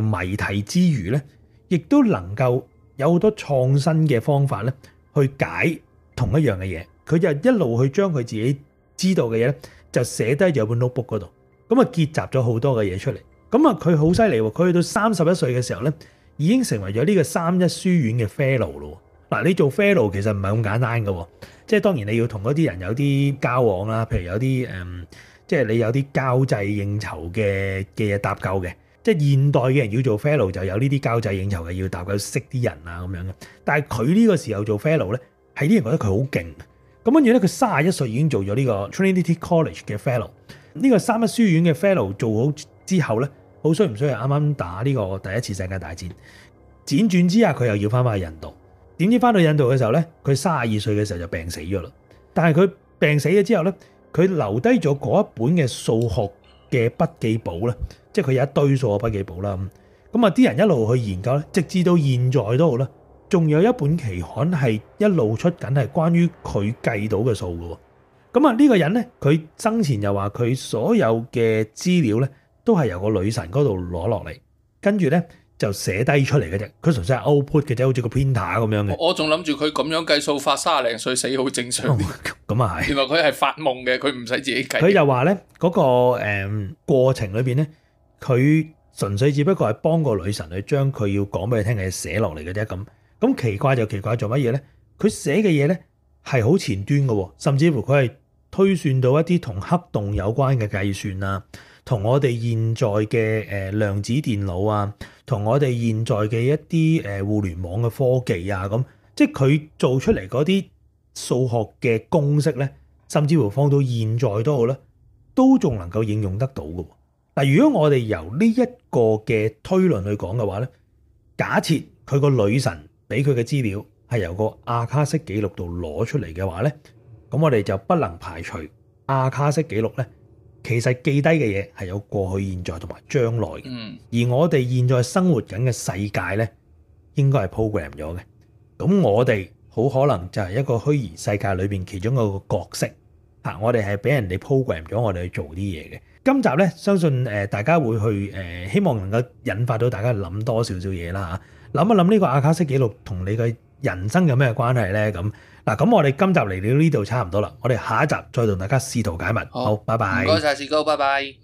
誒謎題之餘呢，亦都能夠有好多創新嘅方法呢去解同一樣嘅嘢。佢就一路去將佢自己知道嘅嘢呢，就寫低咗本 notebook 嗰度，咁啊結集咗好多嘅嘢出嚟。咁啊佢好犀利喎！佢去到三十一歲嘅時候呢，已經成為咗呢個三一書院嘅 Fellow 咯。嗱，你做 fellow 其實唔係咁簡單嘅，即係當然你要同嗰啲人有啲交往啦，譬如有啲誒、嗯，即係你有啲交際應酬嘅嘅嘢搭救嘅，即係現代嘅人要做 fellow 就有呢啲交際應酬嘅要搭救識啲人啊咁樣嘅。但係佢呢個時候做 fellow 咧，係啲人覺得佢好勁。咁跟住咧，佢三十一歲已經做咗呢個 Trinity College 嘅 fellow。呢個三一書院嘅 fellow 做好之後咧，好衰唔衰？啱啱打呢個第一次世界大戰，輾轉之下佢又要翻返去印度。點知翻到印度嘅時候咧，佢三十二歲嘅時候就病死咗啦。但係佢病死咗之後咧，佢留低咗嗰一本嘅數學嘅筆記簿啦，即係佢有一堆數學筆記簿啦。咁咁啊，啲人一路去研究咧，直至到現在都好啦，仲有一本期刊係一路出緊係關於佢計到嘅數嘅。咁啊，呢個人咧，佢生前又話佢所有嘅資料咧，都係由個女神嗰度攞落嚟，跟住咧。就寫低出嚟嘅啫，佢純粹係 output 嘅啫，好似個 printer 咁樣嘅。我仲諗住佢咁樣計數法，卅零歲死好正常。咁啊係，原來佢係發夢嘅，佢唔使自己計。佢就話咧，嗰個誒過程裏邊咧，佢純粹只不過係幫個女神去將佢要講俾你聽嘅嘢寫落嚟嘅啫。咁咁奇怪就奇怪，做乜嘢咧？佢寫嘅嘢咧係好前端嘅喎，甚至乎佢係推算到一啲同黑洞有關嘅計算啊。同我哋現在嘅誒量子電腦啊，同我哋現在嘅一啲誒互聯網嘅科技啊，咁即係佢做出嚟嗰啲數學嘅公式咧，甚至乎放到現在都好啦，都仲能夠應用得到㗎。嗱，如果我哋由呢一個嘅推論去講嘅話咧，假設佢個女神俾佢嘅資料係由個阿卡式記錄度攞出嚟嘅話咧，咁我哋就不能排除阿卡式記錄咧。其實記低嘅嘢係有過去、現在同埋將來嘅。而我哋現在生活緊嘅世界咧，應該係 program 咗嘅。咁我哋好可能就係一個虛擬世界裏邊其中一個角色嚇。我哋係俾人哋 program 咗，我哋去做啲嘢嘅。今集咧，相信誒大家會去誒，希望能夠引發到大家諗多少少嘢啦嚇。諗一諗呢個阿卡式記錄同你嘅人生有咩關係呢？咁嗱，咁我哋今集嚟到呢度差唔多啦。我哋下一集再同大家試圖解密。好，好，拜拜。唔該晒士高，拜拜。